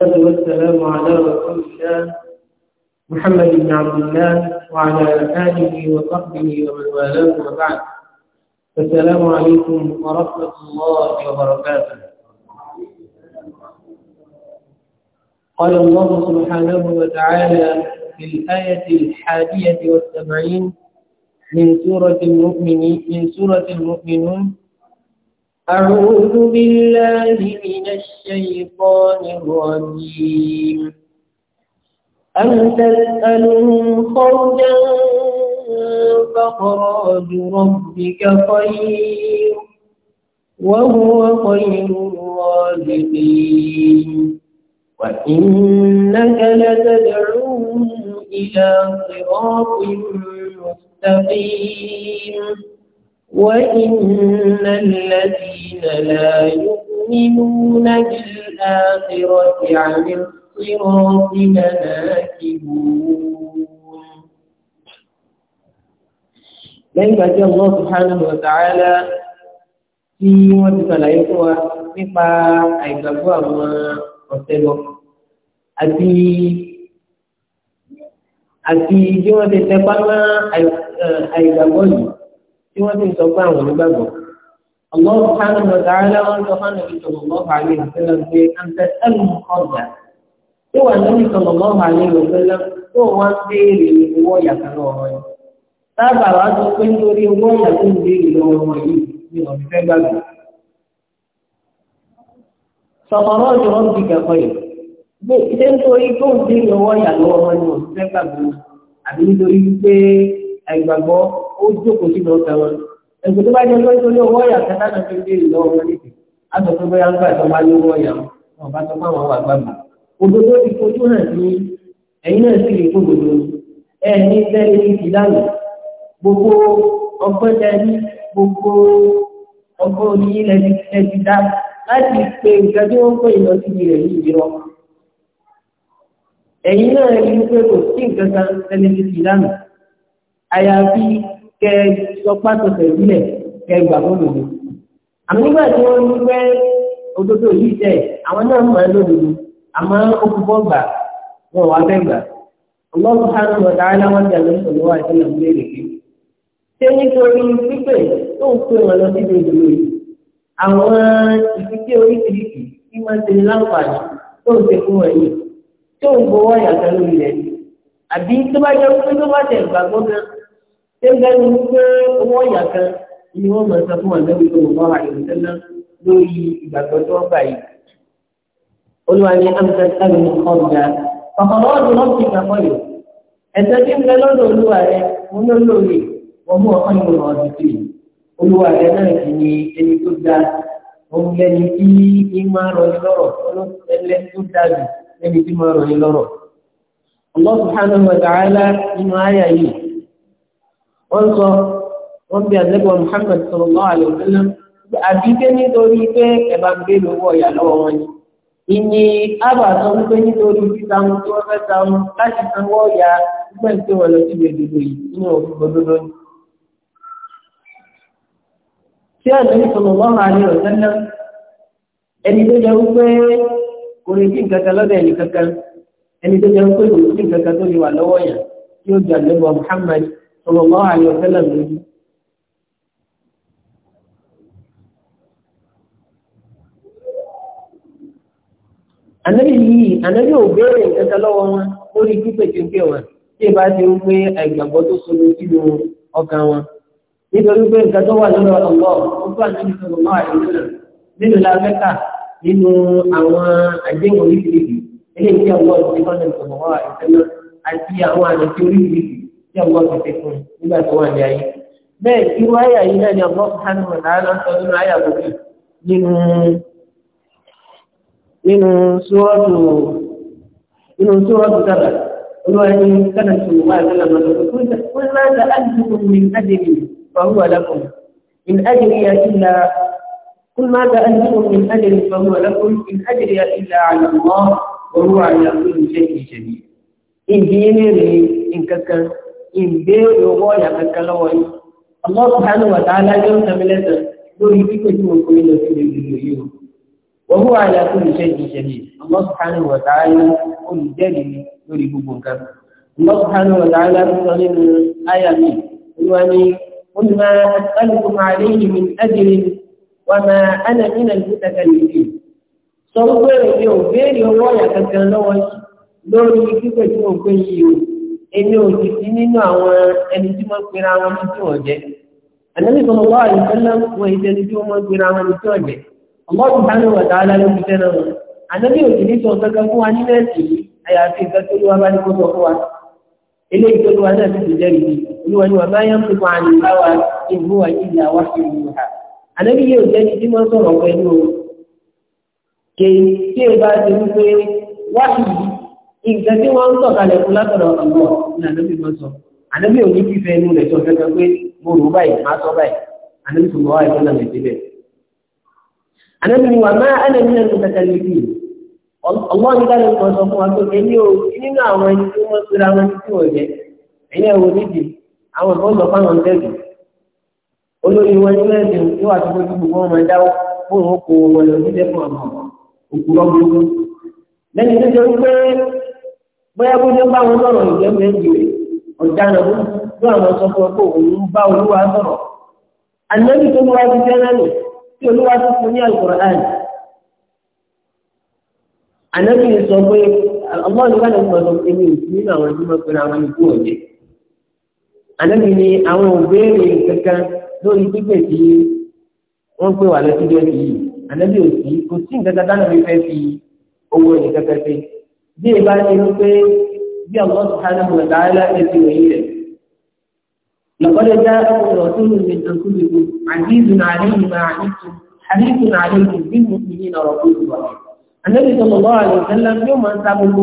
والصلاة والسلام على رسول الله محمد بن عبد الله وعلى آله وصحبه ومن والاه وبعد السلام عليكم ورحمة الله وبركاته قال الله سبحانه وتعالى في الآية الحادية والسبعين من سورة المؤمنين من سورة المؤمنون أعوذ بالله من الشيطان الرجيم أم تسألهم خرجا فخراج ربك خير وهو خير الرازقين وإنك لتدعوهم إلى صراط مستقيم وإن الذين لا يؤمنون بالآخرة عن الصراط لناكبون لأن بعد الله سبحانه وتعالى في وقت لا يقوى مما أيضاك وما أصدق أتي أتي جوا تتبعنا أيضاك tí wọ́n ti ń sọ pé àwọn onígbàgbọ́. Allah subhanahu wa ta'ala wọn sọ fún ànábì sallallahu alaihi wa sallam pé àǹtẹ̀ ẹ̀lù ọ̀gá. Tí wà ànábì sallallahu alaihi wa sallam tó wọ́n béèrè owó yàtọ̀ lọ́wọ́ yẹn. Sábà wá sọ pé nítorí owó yàtọ̀ ń béèrè lọ́wọ́ wọn yìí ni ọ̀n fẹ́ gbàgbọ́. Sọ̀kọ̀rọ̀ ọ̀jọ̀ ń bì kẹ́kọ̀ọ́ yìí. Ṣé nítorí tó ń béèrè owó yàtọ̀ ó jókòó sínú ọ̀tá wọn ẹ̀sùn tó bá jẹ́ pé nítorí owó ọ̀yà kẹta náà fi dé ìlọ wọn níbi àtọ̀ tó bóyá ń gbà tó máa lówó ọ̀yà wọn bá tó fáwọn wà gbàgbà òdodo ti fojú hàn ní ẹ̀yin náà sì rí gbogbo ẹni tẹ́lẹ̀ ní ìlànà gbogbo ọgbọ́n tẹ́lẹ̀ gbogbo ọgbọ́n oníyí lẹ́ni tẹ́lẹ̀ dá láti pe nǹkan tí wọ́n pè lọ síbi yìí jọ ẹ̀yin náà rí pé kò sí nǹkan kan tẹ́lẹ̀ ní ìlànà àyàfi kẹ sọ pàtàkì ìbílẹ̀ kẹ gbà lódodo. àmì nígbà tí wọ́n ní pé òdodo yìí tẹ̀ àwọn náà mọ̀ ẹ́ lódodo àmọ́ okùnfọ́ gbà wọn wà bẹ́ẹ̀ gbà. ọlọ́run sáré lọ dáa láwọn jà lórí ìṣòwò àti ìlànà ìbéèrè kí. ṣé nítorí pípẹ́ tó ń pè wọn lọ sí ìdòdò yìí àwọn ìfisí oríṣiríṣi tí máa ń tẹ́lẹ̀nu pé owó ọ̀yà kan ni wọ́n máa sọ fún àlẹ́ wípé wọ́n máa àyè tẹ́lẹ̀ lórí ìgbàgbọ́ tó wọ́n gbà yìí. olúwa ni amúta sábà ní ọ̀gá ọ̀pọ̀lọpọ̀ ọdún náà ti gbàgbọ́ yìí ẹ̀sẹ̀ tí ń bẹ lọ́dọ̀ olúwa rẹ wọn ló lóore wọn mú ọkàn ìwé wọn ti tì olúwa rẹ náà sì ni ẹni tó da òun lẹni tí ń máa rọni lọ́rọ̀ ẹlẹ́ni tó da jù wọ́n sọ wọ́n bí àdébọ̀ Muhammad sallallahu alaihi wasallam àbí pé nítorí pé ẹ̀bá ń gbé lówó ọ̀yà lọ́wọ́ wọn ni ìní àbà sọ wípé nítorí títa wọn tí wọ́n fẹ́ ta wọn láti sanwó ọ̀yà pípẹ́ tí wọ́n lọ sí gbèdégbè yìí nínú òfin gbọdọdọ ni. tí àdébí sallallahu alaihi wasallam ẹni tó jẹ wípé kò lè dín kankan lọ́dọ̀ ẹnì kankan ẹni tó jẹ wípé kò lè dín kankan tó lè wà lọ́wọ́ yẹn tí ó jẹ àdébọ̀ Muhammad sallallahu alaihi wasallam lójú. Ànábì yìí, ànábì ò béèrè nǹkan lọ́wọ́ wọn lórí pípẹ́ kéńké wọn tí ìbá ti ń pé àìgbàgbọ́ tó so lójú nínú ọkàn wọn. Nítorí pé nǹkan tó wà lọ́dọ̀ ọ̀gbọ́, ó bá ànábì sallallahu alaihi wasallam nínú láfẹ́kà nínú àwọn àjẹ́wò oríṣiríṣi, eléyìí tí àwọn ọ̀gbọ́n ti bá lọ́dọ̀ ọ̀gbọ́n àti àwọn àdàtì oríṣiríṣi tí ọgbọ́n ti fi fún nígbà tó wà ní ayé bẹ́ẹ̀ irú àyà yìí náà ni ọgbọ́n sánú làálọ́ sọ nínú àyà gbogbo nínú nínú sùúrọ́tù nínú sùúrọ́tù sábà olúwa ní kánà tó wà lọ́nà lọ́dọ̀ kó náà ta ájúkùn mi ájèrè fọwọ́ alákùn in ájèrè yà ìlà قل ماذا أنتم من أجل فهو لكم إن أجري إلا على الله وهو على كل شيء شديد إن ديني إن كان ìbéèrè owó ọ̀yà kankan lọ́wọ́ yìí ọmọ ọ̀sán wà dáadáa yóò tẹ̀mí lẹ́sẹ̀ lórí pípẹ́ tí wọ́n kọ́ ilẹ̀ sí yìí ọmọ ọ̀sán wà dáadáa olùjẹ́rìí lórí gbogbo nǹkan sọ nínú àyà mi olúwa owó ọ̀yà kankan lọ́wọ́ lórí pípẹ́ tí wọ́n kọ́ yìí èmi ò sì sí nínú àwọn ẹni tí wọ́n pera wọn ní tí wọ́n jẹ́ ànábì sọ̀rọ̀ wá àyùkọ́lá wọn èyí tẹni tí wọ́n pera wọn ní tí wọ́n jẹ́ ọlọ́run bá ní wọ̀tá alálẹ́ fi tẹ́ náà ànábì ò sì ní sọ kankan fún wa ní nẹ́ẹ̀sì yìí àyàfi nǹkan tó lówá bá ní kó sọ fún wa eléyìí tó lówá náà sì ti jẹ́ ìdí olúwa ni wà bá yẹn fún wa ní ìlú wa ìlú nǹkan tí wọ́n ń sọ̀kalẹ̀ fún látọ̀dọ̀ ọ̀pọ̀ ní ànábì máa sọ ànábì ò ní fífẹ́ inú rẹ̀ sọ kẹ́kẹ́ pé mo rò báyìí máa sọ báyìí ànábì tó lọ́wọ́ ẹ̀kọ́ náà lẹ́sẹ̀ bẹ́ẹ̀. ànábì ni wà máa ẹnẹ nínú ẹnu kẹta lébi ọlọ́run ní káyọ̀ kan sọ fún wa pé èmi ò nínú àwọn ẹni tí wọ́n pera wọn tí wọ́n jẹ ẹ̀yìn ẹ̀wọ̀ nídìí àwọn ìbọn lọ fáwọn bẹ́ẹ̀dì olórí wọn ní mẹ́rin ní wàá tó fojú gbogbo wọn máa bóyá bó ní bá wọn lọ́rọ̀ ìjẹ́ mẹ́rin ọ̀daràn bó ló àwọn sọ fún ọ pé òun ń bá olúwa sọ̀rọ̀ ànábì tó lúwa ti jẹ́ náà tí olúwa tó fún ní Al-Qur'an ànábì sọ pé ọmọ ìlú wàlẹ̀ fún ọdún ẹni òsì nínú àwọn ẹni máa pẹ̀lú àwọn ikú ọ̀jẹ̀ ànábì ni àwọn òbéèrè kankan lórí pípẹ́ tí wọ́n pè wà lọ́sídẹ́ẹ̀tì yìí ànábì òsì kò sí nǹkan kan dáná mi bí ìbá ṣe ní pé bí ọ̀gbọ́n sáré mọ̀ dáadáa ẹbí wọ̀nyí rẹ̀. lọ́kọ́dé já ọkùnrin ọ̀tún mi ní ìdókòwò àdídùn àdéhùn àdídùn àdídùn àdéhùn bí mo fi yín ọ̀rọ̀ kúrò wá. àdébí tó lọ́wọ́ ta gbogbo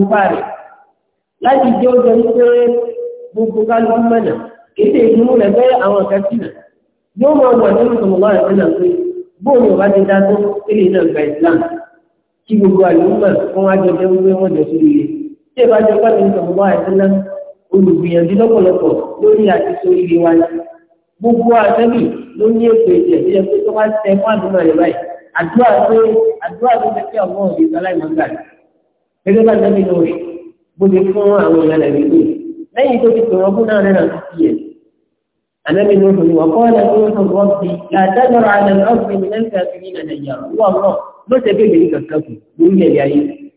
láti jẹ́ ọjọ́ gbogbo kálukú mẹ́nà kéde ìdúró rẹ̀ àwọn kẹ́sìnà yóò pé bóòlù ọba ti dá tó kéde náà gba ìsìlámù kí gbogbo àlùmọ̀ fún àjọjẹ wípé wọ́n jẹ sórí rẹ̀. tí ẹ bá jẹ pàtó ní sọ̀rọ̀ wáyé tẹ́lá olùgbìyànjú lọ́pọ̀lọpọ̀ lórí àti sórí rẹ̀ wáyé. gbogbo àtẹ́bì ló ní ètò ìjẹ̀ tí ẹ pé tó bá tẹ fún àdúrà rẹ̀ báyìí àdúrà pé àdúrà tó fẹ́ kí ọmọ òbí sáláì máa gbà rẹ̀. gẹ́gẹ́ bá tẹ́bì lórí bó ti fún àwọn ìyàlẹ̀ rẹ̀ lẹ́yìn tó ti pè wọ́n fún náà النبي نوح وقال نوح ربي لا تذر على الأرض من الكافرين ديارا والله ما تبين لك الكفر من جاي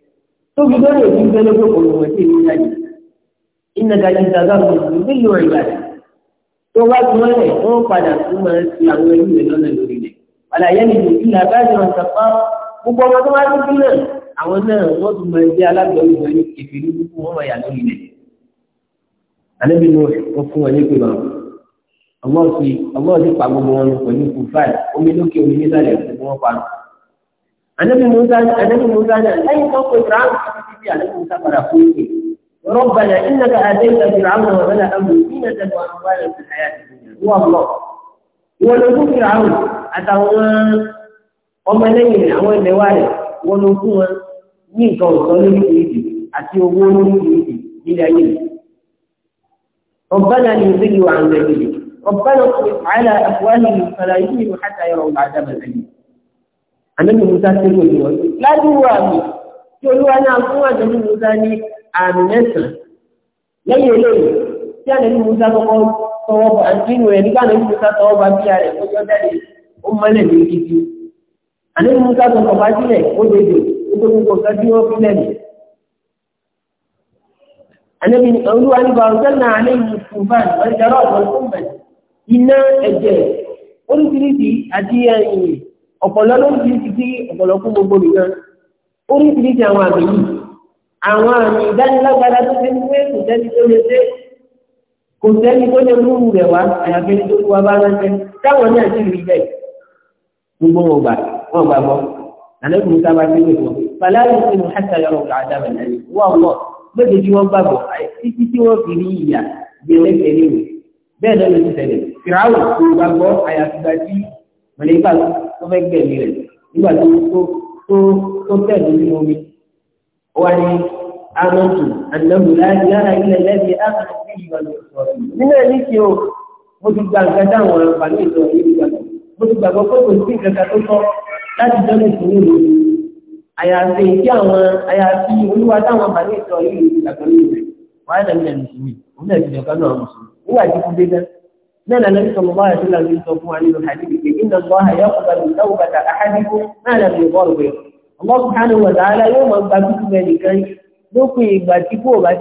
تقول له في ذلك قلوتي من أجل إنك إن تذرهم يضل عبادك توبات مالك هو قد ثم يعود إلى لون الأولين ولا يلد إلا بادرا كفارا gbogbo ọmọ tó wá ní bí náà àwọn náà wọ́n tún máa jẹ́ alágbẹ̀wò ìwé ní kẹfìrí gbogbo wọn máa yà lórí rẹ̀. àníbi ni wọ́n fún wọn ní pé báwọn. Allah ti Allah ti pa gbogbo wọn pẹ̀lú kùfáì omi lókè omi nísàlẹ̀ gbogbo wọn pa. Ànábì Musa Ànábì Musa náà lẹ́yìn tó pe Fìràwọ̀ títí tí Ànábì Musa padà fún ìpè. Rabbana innaka àdéhùn Fìràwọ̀ náà wọlé àmì nínú ẹ̀dẹ̀dẹ̀ wọn wá rẹ̀ sí àyà wọ́n lọ. Wọ́n lọ fún Fìràwọ̀ àtàwọn ọmọ ẹlẹ́yìn rẹ̀ àwọn ẹlẹ́wà rẹ̀ wọ́n lọ fún wọn ní nǹkan ọ̀sán lórí ìdí àti owó lórí ìdí nílẹ̀ ayé. ربنا اطلق على أفواههم فلا يؤمنوا حتى يروا العذاب الأليم àmì musa ti kò ní wọn ládùúgbò àmì tí olúwa náà fún àjọyọ̀ musa ní àmì mẹ́sàn-án lẹ́yìn eléyìí tí àjọyọ̀ musa kọ́kọ́ tọwọ́ bọ̀ àti inú rẹ̀ nígbà àjọyọ̀ musa tọwọ́ bá bí ààrẹ tó yọ jáde ó mọ́lẹ̀ ní gidi àjọyọ̀ musa tó kọ̀ bá sílẹ̀ ó dédè nítorí kò sọ bí wọ́n fi lẹ́nu. àjọyọ̀ olúwa ní bàrúkẹ́ náà àlẹ́ yìí fún báyìí wọ́n jẹ́rọ̀ ọ̀gbọ̀n fún bẹ̀rẹ̀ iná ẹ̀jẹ̀ oríṣiríṣi àti ẹ̀yìn ọ̀pọ̀lọ́ lóríṣiríṣi tí ọ̀pọ̀lọ́ fún gbogbo nìkan oríṣiríṣi àwọn àmì yìí àwọn àmì ìdánilágbára tó ti ń wé kò sẹ́ni tó lè dé kò sẹ́ni tó lè mú rẹ̀ wá àyàfi ní tó wá bá ránṣẹ́ táwọn náà sì rí bẹ́ẹ̀ gbogbo wọn gbà wọn gbà bọ́ àlẹ́kùn sábà sí ìwé wọn fàlàyé sí mu hàtà yọrọ ọ̀gá wọ́n mọ̀ gbẹ́dẹ̀ bẹ́ẹ̀ lọ́nà ti tẹ̀lé fìràwù kò gbàgbọ́ àyàfìgbà tí mọ̀lẹ́kà tó fẹ́ gbẹ̀mí rẹ̀ nígbà tó tó tó tẹ̀lé nínú omi. ó wá ní amọ̀tò ànáwó lára ilẹ̀ lẹ́bi ámàlẹ́ sí ìwà lọ́sọ̀ọ́ nínú ẹni tí o mo ti gba nǹkan dáhùn àǹfààní ìtọ́ ìlú gbà mo ti gbàgbọ́ pé kò sí nǹkan tó tọ́ láti dọ́lẹ̀ sí nílùú àyàfi tí àwọn àyàfi olúwa táwọn àǹfààní ìtọ́ ìlú gbàgbọ́ nínú nígbà tí wọ́n dé bẹ́ẹ̀. Náà lànà bí sọ̀rọ̀ báyà sílẹ̀ ní sọ fún wa nínú ya pé iná lọ́wọ́ àyà ọ̀gbà ní sáwọ́ bàtà àhádìkú náà lànà bí bọ́ọ̀lù bẹ̀. Allah subhanahu wa ta'ala yóò máa gba kúkú bẹ nìkan lópin ìgbà tí kò bá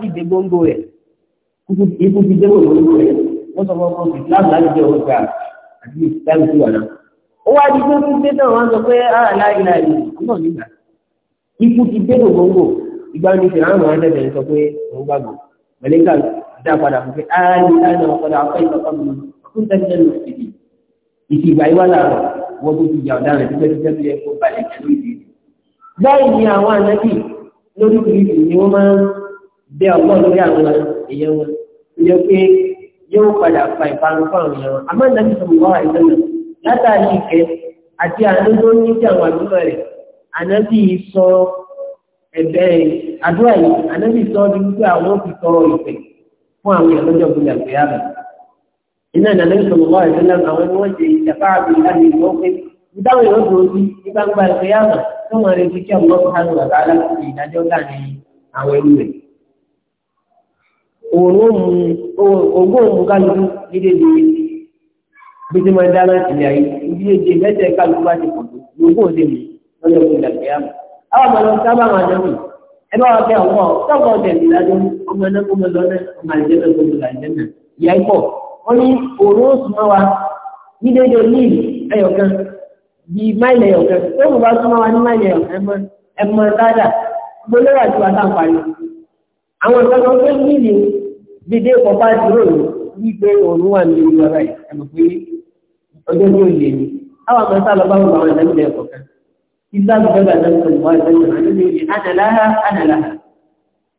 Islam láti jẹ́ mẹ̀lẹ́kà dá padà fún pé áàdì áàdì ọ̀pọ̀dà afẹ́ ìtọ́kọ́ mi fún tẹ́lẹ̀ lọ sí i ìfi ìgbà ìwà làárọ̀ wọ́n tó ti jà ọ̀daràn títẹ́ títẹ́ tó yẹ kó balẹ̀ jẹ́ lórí ìdí. báyìí ni àwọn ànábì lórí ìdí ni wọ́n máa ń bẹ ọgbọ́n lórí àwọn èèyàn wọn tó yẹ pé yóò padà fa ìparun fáwọn èèyàn wọn àmọ́ ànábì sọ̀rọ̀ wọ́n àìsàn náà látàrí ẹ̀bẹ̀ àdúrà yìí ànábì sọ ọdún wípé àwọn ti tọrọ ìfẹ́ fún àwọn èèyàn lọ́jọ́ gbọdọ̀ pé àbẹ iná ìnáná ń sọmọ wọn ẹgbẹ́ náà àwọn wọn ṣe ìjàpá àbí ìlú ọpẹ ní gbangba tó wọn fi kí ọmọ wà àwọn rẹ kálukú àwọn ọmọ lọ sábà máa jẹ mí ẹ bá wà kẹ ọwọ́ sọgbọn tẹlẹ ìdájọ́ ọmọ ẹnẹ kó mọ lọ náà ọmọ àìjẹ náà kó mọ lọ àìjẹ náà ìyá ipò wọn ní òru súnmọ́ wa ní déédéé míìlì ẹyọkan di máìlì ẹyọkan tó kù bá súnmọ́ wa ní máìlì ẹyọkan ẹmọ dáadáa gbólóhà tí wàá tàn parí àwọn ìtọ́jú pé míìlì dídé kọfà dúró wípé òru wà ní ìlú ọ̀rẹ́ ẹ̀ mọ̀ pé ọjọ́ tó إلا بجبع نفس الله بجبع نفسه أنا لها أنا لها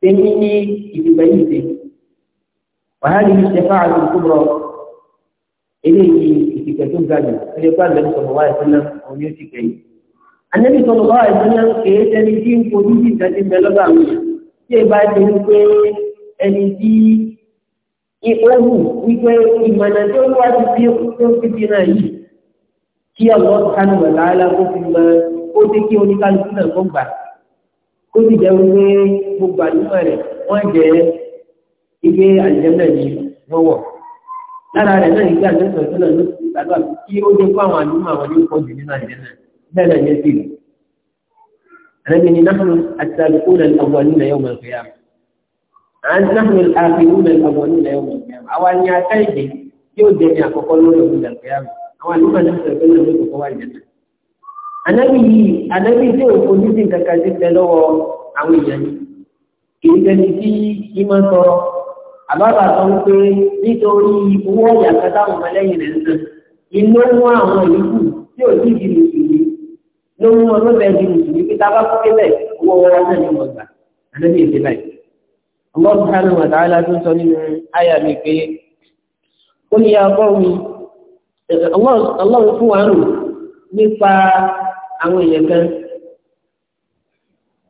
تميني ببيته وهذه الشفاعة الكبرى إليه ìtìkẹ̀tún gajù ẹni bá lẹ́nu sọ̀rọ̀ àìsàn náà àwọn yóò ti kẹ́yìn. Ànábì sọ̀rọ̀ wá àìsàn náà kèé tẹni tí ń fojú sí ìdájí bẹ lọ́gbà Tí èbá ti kí ọ̀rọ̀ kánú rẹ̀ láàlá kó fi mọ ó dé kí oníkálukú náà kó gbà kó sì jẹ́ wípé gbogbo àdúgbò rẹ̀ wọ́n jẹ́ ike àjẹmọ́ ní wọ́wọ́ lára rẹ̀ náà ìgbà mẹ́sàn-án tó náà ló ti gbàdúrà kí ó dé fún àwọn àdúgbò àwọn ní pọ̀ jù nínú àjẹmọ́ bẹ́ẹ̀ náà yẹ sí àrẹ́bìnrin náà àtàlùkù náà ọgbọ̀n nílẹ̀ yóò mọ̀ fẹ́yà àtàlùkù náà àfihàn náà ọgbọ̀n nílẹ̀ yóò mọ̀ yóò jẹ́ ní àkọ́kọ́ lórí àwọn àdúgbò náà sọ̀rọ̀ pé lórí kòkó wà jẹ́ náà. Ànábì yìí, ànábì tí ò fojú sí kankan sí fẹ́ lọ́wọ́ àwọn èèyàn ni. Kìí sẹ́ni tí ìmọ̀ sọ, àbábà sọ wípé nítorí owó ọ̀yà kan táwọn ọmọlẹ́yìn rẹ̀ ń san, iná mú àwọn ìlú tí ò sí ìdí mùsùlùmí. Ló mú ọdún bẹ́ẹ̀ di mùsùlùmí pé tábà kú kébẹ̀ owó ọwọ́ náà ni wọ́n gbà. Ànábì èdè báyìí. Allah subhanahu wa ta'ala tó sọ nínú àyà mi pé, ó ní ọlọ́run fún wa rò nípa àwọn èèyàn kan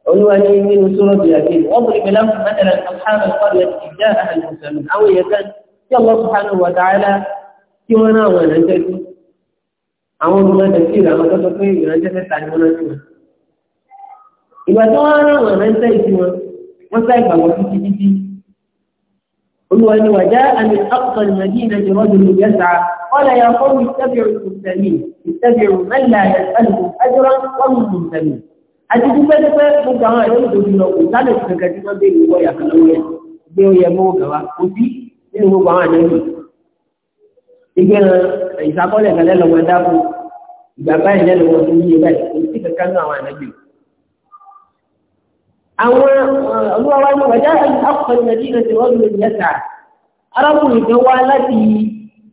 olúwa ní nínú ọ bíi àgbẹ̀ wọ́n bọ̀ ìpínlẹ̀ fún mẹ́tẹ̀lẹ̀ sọ̀hánà ìpàdé ìjà àhàlì mùsùlùmí àwọn èèyàn kan tí ọlọ́ sọ̀hánà wà dáadáa kí wọ́n náà wọ̀ ẹ̀rẹ́jẹ́ sí àwọn olùmọ̀tẹ̀ sí tó sọ pé mẹ́ta ni wọ́n ìgbà tí wọ́n wọ́n sá ìgbàgbọ́ قل وجاء من أقصى المدينة رجل يسعى قال يا قوم اتبعوا المرسلين اتبعوا لا يسألكم أجرا وهم مهتدون àti dúpẹ́ dúpẹ́ mo gbà àwọn ẹ̀rọ ìdòdì lọ kò sálẹ̀ tí kankan tí wọ́n bèèrè ìwọ ìyàkan lọ́wọ́ yẹn gbé oyè mọ́wọ́ gàwa àwọn olúwawa ní wàjá àkọ́kọ́ ní nàìjíríà ti wọ́n lò mẹ́ta arákùnrin kan wá láti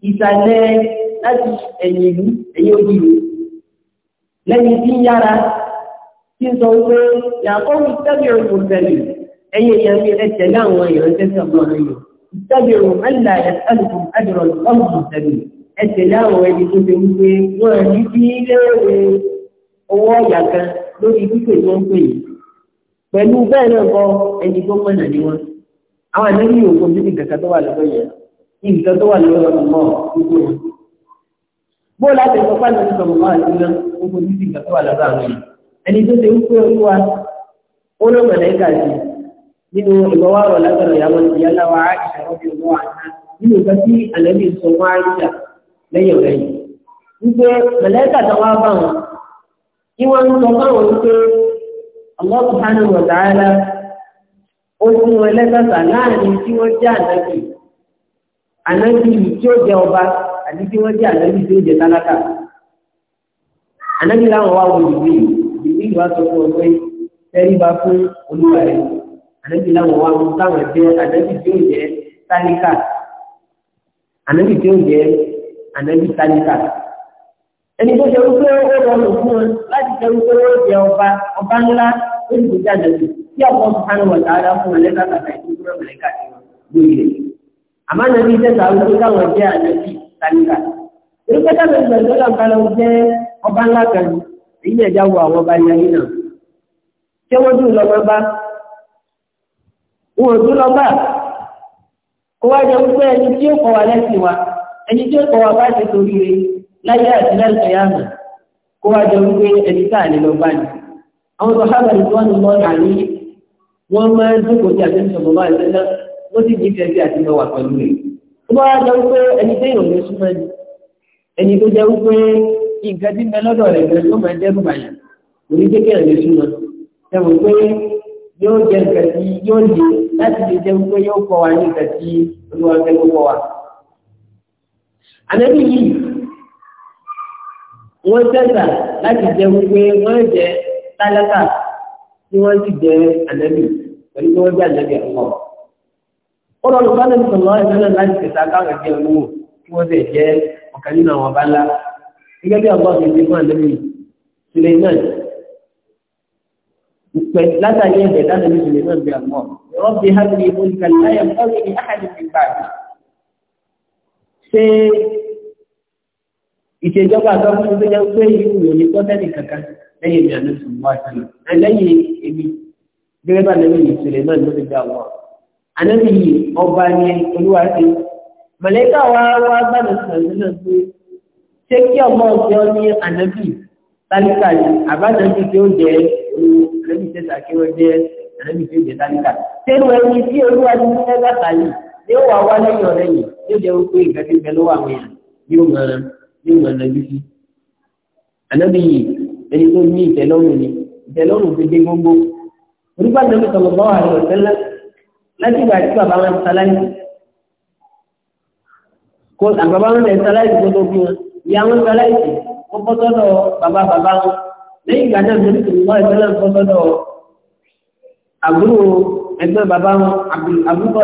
ìsàlẹ̀ láti ẹ̀yìn ìlú ẹ̀yìn òbí rẹ̀ lẹ́yìn tí ń yára tí ń sọ pé yàtọ̀ ìtẹ́bí ọ̀rọ̀ tẹ̀lé ẹ̀yìn èèyàn mi ẹ̀ tẹ̀lé àwọn èèyàn tẹ́sí ọ̀gbọ́n rẹ̀ yìí ìtẹ́bí pẹ̀lú bẹ́ẹ̀ náà kọ ẹni tó mọ̀nà ni wọn àwọn àdéhùn yóò fún títí kankan tó wà lọ́wọ́ yẹn ní nǹkan tó wà lọ́wọ́ lọ́wọ́ mọ́ gbogbo wọn. bó láti sọ fún àdéhùn sọ̀rọ̀ máa ti ná gbogbo títí kankan tó wà lọ́wọ́ àwọn yẹn ẹni tó ṣe ń pé olúwa ó ló mọ̀lẹ́ kà sí nínú ìbọn wa rọ̀ látọ̀rọ̀ ìyàwó ìyálà wa àìsàn ọ̀bí ọ̀bọ̀ àná nínú nǹkan tí àlẹ́bí sọ fún àìsàn lẹ́yìn ọ̀rẹ́ yìí wípé mọ̀lẹ́kà tó wá bá wọn kí wọ́n ń sọ fáwọn wípé Allah subhanahu wa ta'ala ó ní wọn lẹ́gbàgbà láàrin tí wọ́n jẹ́ ànábì ànábì tí ó jẹ ọba àti tí wọ́n jẹ́ ànábì tí ó jẹ tálákà ànábì láwọn wá wo ìwé ìwé ìwà sọ fún ọgbẹ́ tẹ́ríba fún olúwa rẹ̀ ànábì láwọn wá wọn táwọn jẹ́ ànábì tí ó jẹ tálákà ànábì tí ó jẹ ànábì tálákà ẹni tó ṣe wípé ó rọrùn fún wọn láti jẹ́ wípé wọ́n jẹ ọba ọba ńlá lórí ìgbésí àjọyọ̀ tí ọ̀pọ̀ sùpánù wọ̀ tààrà fún mọ̀lẹ́kà kàkà ìdúró mọ̀lẹ́kà lórí rẹ̀. àmọ́ nàbí ìjẹta wípé káwọn jẹ́ àjọyọ̀ tàníkà. irúgbẹ́ táwọn ìgbàgbọ́ làǹkà lọ jẹ́ ọba ńlá kan èyí ẹ̀já wo àwọn ọba ilẹ̀ yìí náà. ṣé wọ́n dùn lọ́mọ bá? wọn ò dùn lọ́mọ bá. kó wá jẹ wípé ẹni tí ó kọ wa lẹ́sìn wa ẹni tí ó kọ wa bá ṣe torí rẹ̀ láyé àti láìpẹ́ kó wá jọ wípé ẹni tá à lè lọ bá ní. àwọn ọmọ sábà ní wọn lọ àní wọn máa ń dúkòó tí àti sọ̀rọ̀ máa ṣe ná wọ́n sì jí fẹ́ẹ́ bí àti lọ wà pẹ̀lú rẹ̀. kó wá jọ wípé ẹni tó yàn lọ súnmọ́ ni ẹni tó jẹ́ wípé nǹkan tí mẹ lọ́dọ̀ rẹ̀ gan ló máa dẹ́rù bàyà òní jẹ́ kí ẹ̀rọ súnmọ́ ẹ̀wọ̀n pé yóò jẹ nǹkan yóò lè láti lè jẹ́ wípé yóò kọ́ wa ní nǹkan olúwa fẹ́ kó kọ́ wa. ànábì yìí wọ́n tẹ̀sà láti jẹ wípé wọ́n jẹ tálákà tí wọ́n sì jẹ ànábì pẹ̀lú tí wọ́n jẹ ànábì àwọn. ó lọ́nu bá lẹ́nu sọ̀rọ̀ ẹ̀fẹ́ náà láti tẹ̀sà káwọn jẹ owó kí wọ́n sì jẹ ọ̀kan nínú àwọn ọba ńlá gẹ́gẹ́ bí ọgbọ́n ti di fún ànábì sílẹ̀ náà pẹ̀ látàrí ẹ̀bẹ̀ lánàbí sílẹ̀ náà bí àmọ́ rọ́bì ìṣèjọba àtọ́kùn tó jẹ́ pé ìlú òní pọ́tẹ́nì kankan lẹ́yìn ìrìn àná sùn wá sí i lẹ́yìn èmi gẹ́gẹ́ bá lẹ́yìn ìlú ìṣẹ̀lẹ̀ náà ló fi gbà wọ́ ànábì yìí ọba ni olúwa ti mọ̀lẹ́kà wa wá gbàdọ̀ sọ̀rọ̀ náà pé ṣé kí ọmọ ọ̀sẹ̀ ọ ní ànábì tálíkà ni àbájáde tí ó jẹ́ olú ànábì tẹ́tà kí wọ́n jẹ́ ànábì tí ó jẹ́ tálíkà tẹ́lu ẹni tí olúwa ti fẹ́ bàtà yìí yóò wá wá lẹ́yìn ọ̀rẹ́yìn yóò jẹ́ wípé ìgbàgbé bẹ lọ́wọ́ àwọn èèyàn yóò mọ̀ ọ́n tí ìmọ̀ lọ́jú sí. Ànábì yìí ẹni tó ní ìtẹ́lọ́rùn ni ìtẹ́lọ́rùn fi dé gbogbo. Orúkọ àdébí sọ̀rọ̀ bá wà lọ tẹ́lẹ̀ láti ìgbà tí bàbá wọn sáláìsì. Kò àbàbá wọn lẹ̀ sáláìsì tó tó bí wọn. Ìyá wọn sáláìsì wọ́n bọ́ sọ́dọ̀ bàbá bàbá wọn. Lẹ́yìn ìgbà náà lórí ìtumọ̀ ìtẹ́lẹ̀ bọ́ sọ́dọ̀ àbúrò ẹgbẹ́ bàbá wọn àbúrò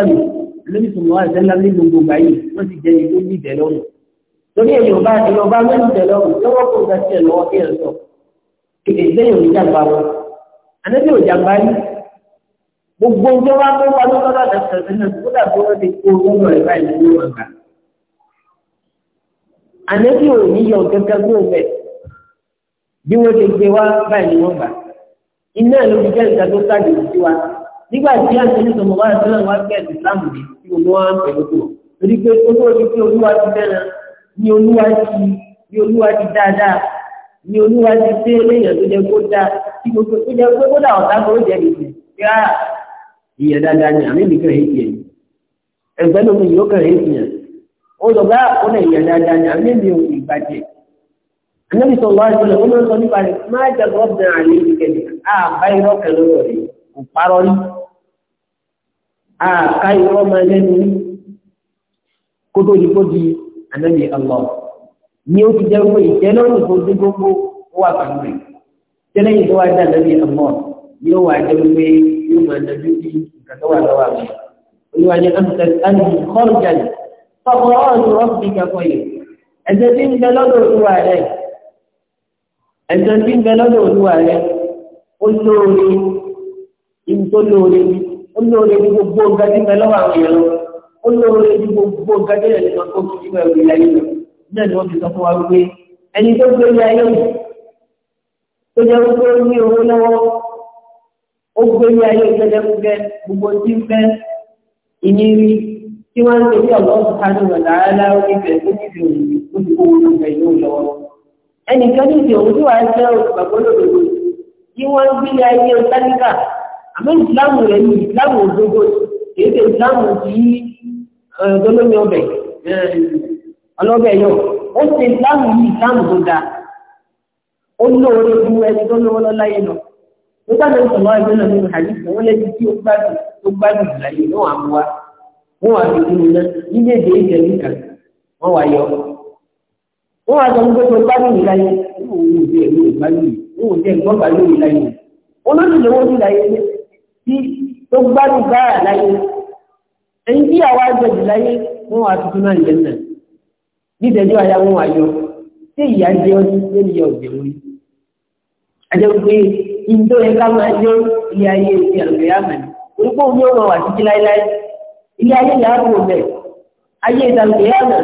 lórí ìtumọ̀ ìtẹ́lẹ̀ ní gbogbo gbà yìí wọ́n ti jẹ́ ní tó ní ìtẹ́lọ́rùn lórí èyí ọba ìlọba mẹ́rin tẹ̀lé ọ̀hún tí wọ́n kó ń gbàtí ẹ̀ lọ́wọ́ kí ẹ̀ sọ kìdè lẹ́yìn oníjàmbá wọn ànábì òjàmbá yìí gbogbo ń jọba tó wà ló lọ́dọ̀ àdàkọ̀ sínú kódà tó wọ́n ti kó lọ́wọ́ ẹ̀ báyìí ní wọn gbà. ànábì ò ní yọ gẹ́gẹ́ bó bẹ̀ bí wọ́n ti gbé wá báyìí ní wọn gbà. iná ló fi jẹ́ nǹkan tó sáàdì sí wa nígbà tí a ti ní sọmọ wá sí náà wá bẹ́ẹ̀ ní olúwa ti ní olúwa ti dáadáa ní olúwa ti dé léèyàn tó jẹ kó dáa tí gbogbo tó jẹ pé kódà ọ̀tá kò jẹ nìyẹn kí á ìyẹn dáadáa ni àmì nìkan èyí yẹn ẹgbẹ́ lómi yóò kàn èyí yẹn ó lọ bá ọ̀nà ìyẹn dáadáa ni àmì mi ò fi gbàjẹ́ ànábì sọ wá sílẹ̀ ó máa ń sọ nípa rẹ̀ má jẹ́ gọ́ọ̀dà àlè ìkẹlẹ̀ á bá irọ́ kan lọ́wọ́ rẹ̀ kò parọ́ ní á ká irọ́ máa lẹ́nu ní kótó ìdíkó di ànábì ọlọ ní o ti jẹ́ pé ìtẹ́lọ́rùn tó dé gbogbo ó wà pàdé rẹ̀ tẹ́lẹ̀ yìí tó wá dé ànábì ọlọ yóò wá jẹ́ pé yóò máa dájú sí nǹkan tó wà lọ́wọ́ àwọn olùwà ní àǹtí kọ́ọ̀jà ní fọkàn ọ̀rùn rọ́ọ̀bì kakọ yìí ẹ̀jẹ̀ tí ń bẹ lọ́dọ̀ olúwa rẹ̀ ẹ̀jẹ̀ tí ń bẹ lọ́dọ̀ olúwa rẹ̀ ó lóore ibi tó lóore ó lóore gbogbo nǹkan tí ń bẹ lọ́wọ́ àwọn èèyàn lọ́wọ́ ó lóore ní gbogbo gẹ́gẹ́ lè lọ tó kí wọ́n rí ayé rẹ̀ náà ni wọ́n ti sọ fún wa wípé ẹni tó gbé ní ayé rẹ̀ tó jẹ́ wípé ó ní owó lọ́wọ́ ó gbé ní ayé gẹ́gẹ́ gbogbo tí ń fẹ́ ìnírí tí wọ́n ń tẹ̀lé ọ̀gá ọ̀sán kan ní ọ̀dà ara ó ní bẹ̀rẹ̀ tó ní fi òun ó ti kó owó bẹ̀ yóò lọ́wọ́ ẹnìkan ní ìdí òun tí wàá jẹ́ òṣùpàgbọ́ ọ̀dọ́lómi ọbẹ̀ ọlọ́bẹ̀ yọ ó ṣe láàmù yìí láàmù tó dáa ó lóore ju ẹni tó lówó lọ́láyé lọ nígbà tó ń sọ̀rọ̀ ẹgbẹ́ náà nínú àdìsí wọn lẹ́yìn tí ó gbádùn tó gbádùn láyé náà àmú wa wọn wà fi kú iná nílé èdè ìjẹ̀lú kan wọn wà yọ wọn wà sọ pé tó gbádùn láyé wọn ò wò jẹ́ ìlú ìgbádùn wọn ò jẹ́ ìgbọ́gbà lórí láyé wọn lọ́dún lówó sí láyé tí tó gbádùn báyà láyé ẹni tí àwa gbẹ̀jù láyé wọn wà tuntun náà jẹ́ náà dídẹ̀jọ́ àyà wọn wà yọ tí ìyá jẹ́ ọdún tí ó yẹ ọ̀jẹ̀ orí ajẹ́ pé ìjọ yẹ ká máa jẹ́ ilé ayé ti àlùkò yá mẹ́rin orúkọ omi ọ̀rọ̀ wà títí láéláé ilé ayé yà á rò bẹ̀ ayé ìdàlùkò yá náà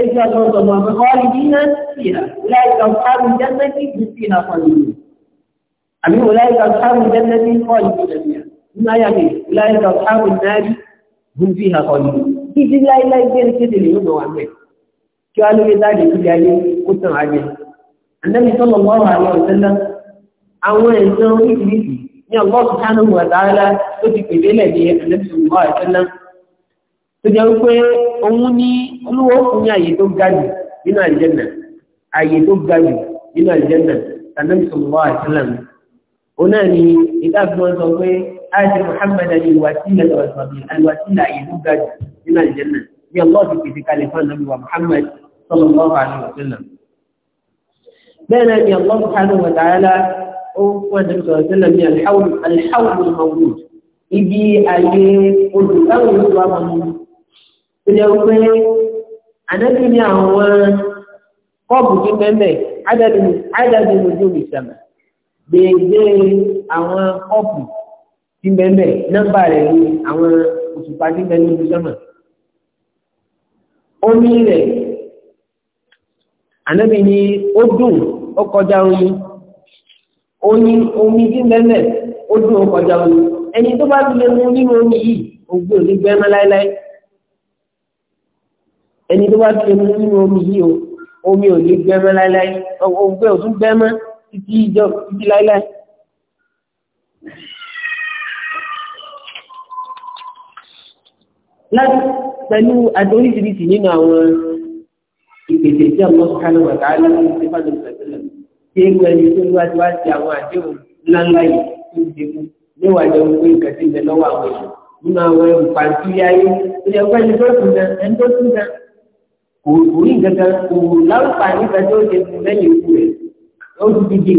ẹjọ́ ọ̀tọ̀ọ̀tọ̀ mọ̀ àbẹ̀kọ́ ìdí náà sì rà láìka ọ̀tárù jẹ́mẹ́tì ti sì rà pọ̀ nìyẹn àbí wò láìka ọ̀tárù jẹ́mẹ́tì pọ̀ nìyẹn nínú ayà mi láìka ọ̀tárù náà gún fi hàn ọ̀yìn títí láíláí gbé ní kéde lè yóò wà mẹ́ kí wàá lóye dáàdì sí ayé kó tàn á jẹ ànábi sọlọ lọrọ àwọn ìṣẹ̀lẹ̀ àwọn ẹ̀sán oríṣiríṣi ní ọgbọ́n sánú wà dáadáa ó ti pèlè lẹ́bi ànábi sọlọ lọrọ ìṣẹ̀lẹ̀ tó jẹ́ pé òun ní olówó fún ní àyè tó ga jù sọ pé آت محمدا الوسيلة والفضيلة الوسيلة أي لوجد من الجنة هي الله في كلمة النبي ومحمد صلى الله عليه وسلم بين أن الله سبحانه وتعالى والنبي صلى الله عليه وسلم الحول الحول الموجود ibi ayé olùdáwò ló wà wọn tó lè wípé ànábì ní àwọn kọ́ọ̀bù ní mẹ́mẹ́ ádádi lójú ìsàmà gbèdé àwọn kọ́ọ̀bù tí bẹ́ẹ̀ nọ́mbà rẹ̀ ní àwọn òṣùpá tí bẹ́ẹ̀ ní ojúṣọ́mọ̀. omi rẹ̀ ànábì ni ó dùn ó kọjá oyin oyin omi tí bẹ́ẹ̀ ó dùn ó kọjá oyin ẹni tó bá ti lè mu nínú omi yìí ògbó ò ní gbẹ́mọ́ láéláé ẹni tó bá ti lè nínú omi yìí omi ò ní gbẹ́mọ́ láéláé ògbó ò tún gbẹ́mọ́ títí ìjọ títí láéláé. láti pẹ̀lú àdóríṣiríṣi nínú àwọn ìpèsè tí àwọn kánú wà káàlá ní ìfẹ́fàdé ìfẹ́fẹ́lẹ̀ tí ewu ẹni tó ló wájú wá sí àwọn àdéhùn ńláńlá yìí tó ń dẹkù níwà jẹ́ wípé nǹkan ti bẹ̀ lọ́wọ́ àwọn èèyàn nínú àwọn ẹrù pàǹtí ayé tó yẹ pé ẹni tó tún dán ẹni tó tún dán kò rí nǹkan kan kò láǹfààní kan tó ṣe lẹ́yìn ikú rẹ̀ ó ti di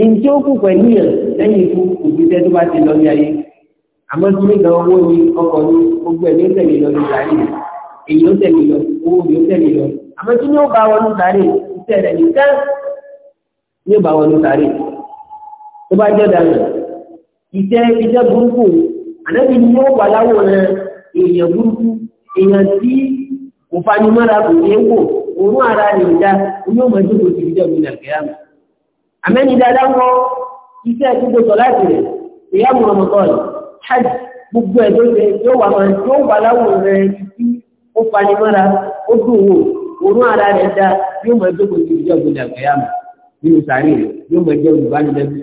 ìdí ó kù pẹ̀lú yẹn lẹ́yìn ikú òbíṣẹ́ tó bá ti lọ ní ayé àmọ́ tí ó gan owó ni ọkọ̀ ni gbogbo ẹ̀ ní ó tẹ̀lé lọ ní sàárè èyí ó tẹ̀lé lọ owó mi ó tẹ̀lé lọ àmọ́ tí ó bá wọnú sàárè iṣẹ́ rẹ̀ nìkan ní ó bá wọnú sàárè tó bá jẹ́ dànù iṣẹ́ iṣẹ́ burúkú ànábi ni ó wà láwòrán èèyàn burúkú èèyàn tí kò fanimọ́ra kò ní kò òun ara rẹ̀ dá oní àmẹ́ni dáadáa wọ iṣẹ́ gbogbo sọ̀láàtì rẹ̀ ìyá mọ̀rọ̀mọ̀tọ́ọ̀lù hajj gbogbo ẹ̀ tó ṣe yóò wà máa yóò wà láwùn rẹ̀ tí ó fani mọ́ra ó dùn wò òórùn ara rẹ̀ dá yóò máa jókòó sí ìjọ gbọdọ̀ àgbẹ̀yàmù nínú sàárì rẹ̀ yóò máa jẹ́ olùbánilẹ́bí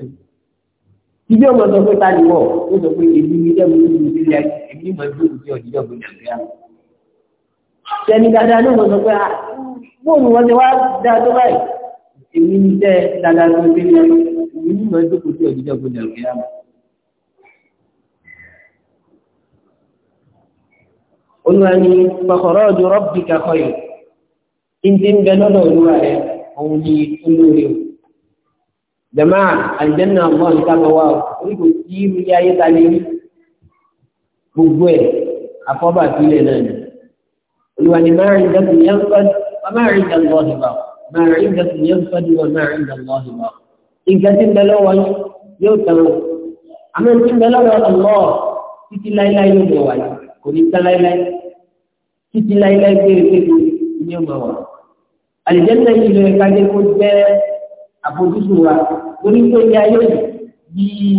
ibi ọmọ sọ pé tani wọ ó sọ pé èmi ní ilé ìwé ìlú ìlú èmi ní màá èmi ní tẹ́ dada tó ń gbélé èmi ní ìwọ̀n ìjókòó tí òjijì ọ̀gbìn dẹ̀rù kìí àmọ́. olúwa ni pàkọ́rọ́ ọjọ́ rọ́bì kakọ́ yìí ìdí ń bẹ lọ́dọ̀ olúwa rẹ̀ òun ni olóore o. jama aljanna ọmọ nǹkan kan wà orí kò sí ta lé gbogbo ẹ̀ àfọ́bà sílẹ̀ náà ni olúwa ni máa ń dẹ́kun yẹn ń kọ́ ما عندكم ينفد وما عند الله باق إن كتب لو يوتو أما إن كتب لو الله títí láíláí ló mọ̀ wáyé kò ní tán láíláí títí láíláí gbèrègbèrè ní ọmọ wa. àlìjẹ́nà yìí lọ ẹ̀ka jẹ́ kó jẹ́ àfojúsùn wa lórí pé ní ayé yìí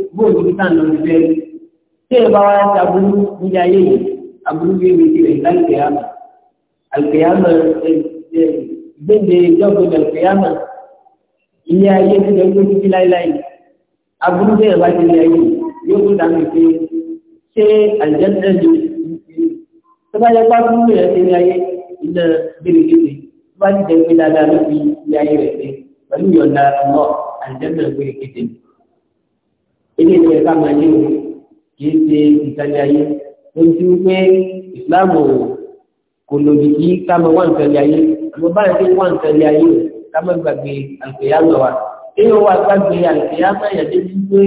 bí afárá kan tí ẹ bá wá ta burú nílé ayé yìí aburú bí mi ti rẹ̀ lálùkẹ́yàmà àlùkẹ́yàmà gbẹ̀ndé jọ́gbẹ̀dẹ̀ àlùkẹ́yàmà ilé ayé ti rẹ̀ gbé títí láéláé aburú bí ẹ bá ti rẹ̀ ayé yóò kó dàmí pé ṣé àjẹ́tẹ̀ lè tó bá yẹ pátú rẹ̀ ti rẹ̀ ayé iná gbèrègbèrè tó bá ti jẹ́ pé dáadáa ló fi ilé ayé rẹ̀ dé pẹ̀lú ìyọ̀ǹda ọmọ àjẹ́tẹ̀ gbèrègbèrè ilé ìwé ká máa ní òun kìí ṣe ìtàlẹ̀ ayé tó ti ń pé ìsìláàmù kò lòdì kí ká máa wá ìtàlẹ̀ ayé àmọ́ báyìí tó wá ìtàlẹ̀ ayé ká máa gbàgbé àlùkìyámà wa nínú wa gbàgbé àlùkìyámà yàtí ti pé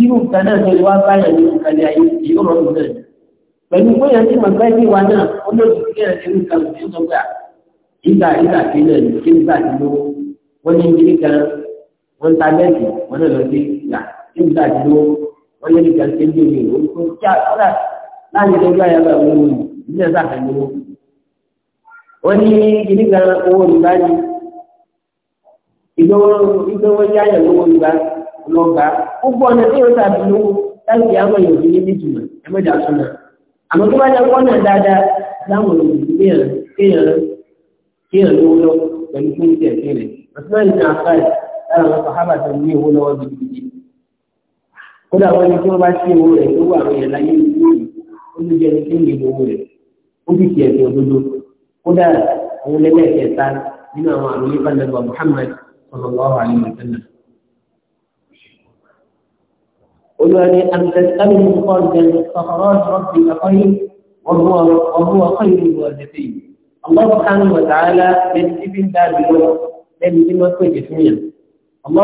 irú nǹkan náà tó wá báyà ní ìtàlẹ̀ ayé yìí rọ̀ lù náà pẹ̀lú bóyá tí màá gbá ìwà náà ó lòdì sí ẹ̀rẹ̀ nǹkan tó ń sọ pé ìgbà ìgbà tí kí nígbà tí lówó wọ́n ní ìdílé kan wọ́n ta bẹ́ẹ̀dì wọ́n yẹ nígbà tí ẹgbẹ́ mi ò kó kí àkọ́dà láàyè lọ́jọ́ àyàbá wọn ni ìdílé sáà ní wọn. ó ní kíní kan owó nígbà ní ìgbówó ìgbówó yáyà lówó nígbà lọ́gbà gbogbo ọ̀nà tí yóò tàbí lówó láti fi àwọn èèyàn ní nítumọ̀ ẹ mọ̀jà súnmọ̀. àmọ́ tó bá yẹ kọ́ náà dáadáa láwọn olùdíléyàn kéèyàn kéèyàn lówó lọ pẹ̀lú fún ìtẹ̀ kéèyàn kódà wọn ni tí wọn bá ṣe owó rẹ tó wà lóye láyé ìlú olùjẹ ní kí ni owó rẹ ó fi tiẹ̀ tó dodo kódà òun lẹ́lẹ́kẹ̀ẹ́ta nínú àwọn àrùn yìí kan lẹ́gbàá Muhammad sallallahu alaihi wa sallam. olùwàní àmì ìfọ̀jẹ̀ sọ̀rọ̀ rọ̀bì àkọ́yé ọ̀bùn àkọ́yé ìlú ọ̀dẹ̀fẹ̀ yìí. Allah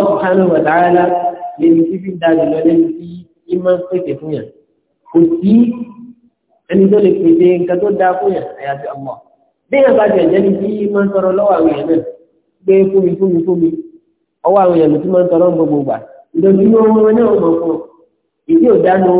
subhanahu wa lẹ́ni tí fi dájú lọ lẹ́ni tí í máa ń pèsè fún yàn kò sí ẹni tó lè pèsè nǹkan tó dáa fún yàn àyàfi ọmọ bí bá jẹ̀ jẹ́ni tí í máa ń tọrọ lọ́wọ́ àwọn èèyàn náà gbé fún mi fún mi fún mi ọwọ́ àwọn èèyàn máa ń tọrọ gbogbo gbà ìdọ̀tí ní ohun wọn náà mọ̀ fún ọ ìdí òdánù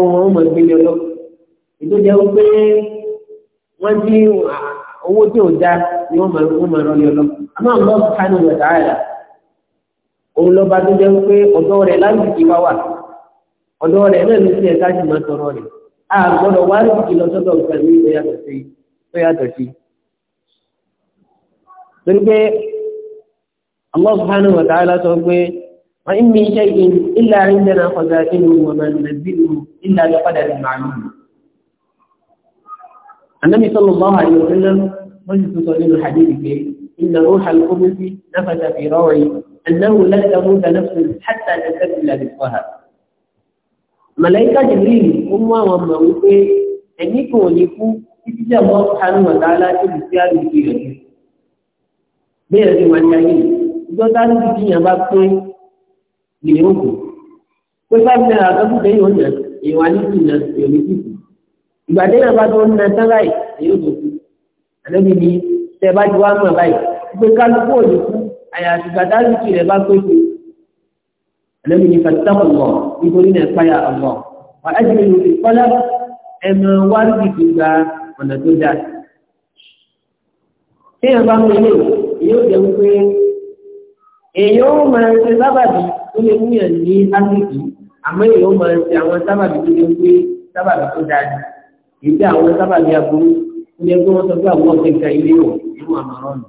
òun lọ́ba tó jẹ́ pé ọ̀dọ́ rẹ̀ láǹtìkì wá wà ọ̀dọ́ rẹ̀ náà ló ti ẹ̀ka jù máa tọrọ rẹ̀ a gbọ́dọ̀ wá láǹtìkì lọ sọ́dọ̀ nǹkan ní sí tó sí. torí pé Allah subhanahu wa ta'ala sọ pé wọ́n ń mi iṣẹ́ ìgbìn ilà ìjẹ́nà ọ̀gá inú wọn máa nà bí inú ilà ló padà ní màálù. Ànábì sallallahu alaihi wa sallam wọ́n sì tún sọ al-qudus nafasa fi أنه لن تموت نفس حتى تكتمل رزقها ملائكة جبريل أمة وموتة ẹ̀mí kò ní kú títí jẹ́ ọmọ ọ̀hánú ọ̀dáàlá tí kò sí àlùkù rẹ̀. Bẹ́ẹ̀ ni wọ́n ní ayé ìjọ dáná ti fi yàn bá pé lè ó kù. Pé five naira lọ́dún tẹ́ yóò nà èèwà ní kù nà èmi kù. Ìgbà tẹ́ yàn bá tó ń na tán báyìí èyí ò tó kú. Ànábi ni tẹ́ bá ti wá mọ̀ báyìí. Pé kálukú ò ní kú àyàfi gbàdájú ti rẹ̀ bá pèsè ẹlẹ́mi ní fàtàkù mọ̀ nítorí náà fáyà ọ̀mọ̀ wà á jẹ́ ìlú kọ́lá ẹ̀mọ̀ wárí kìkì gba ọ̀nà tó dáa. tí èèyàn bá mú ilé yóò jẹ́ wípé èèyàn ó máa ṣe sábàbí tó lè múyàn ní áfíríkì àmọ́ èèyàn ó máa ṣe àwọn sábàbí tó lè wípé sábàbí tó dáa ni èyí tí àwọn sábàbí aburú tó lè wọn sọ pé àwọn ọ̀sẹ̀ nǹkan ilé ò nínú àmọ̀ràn nù.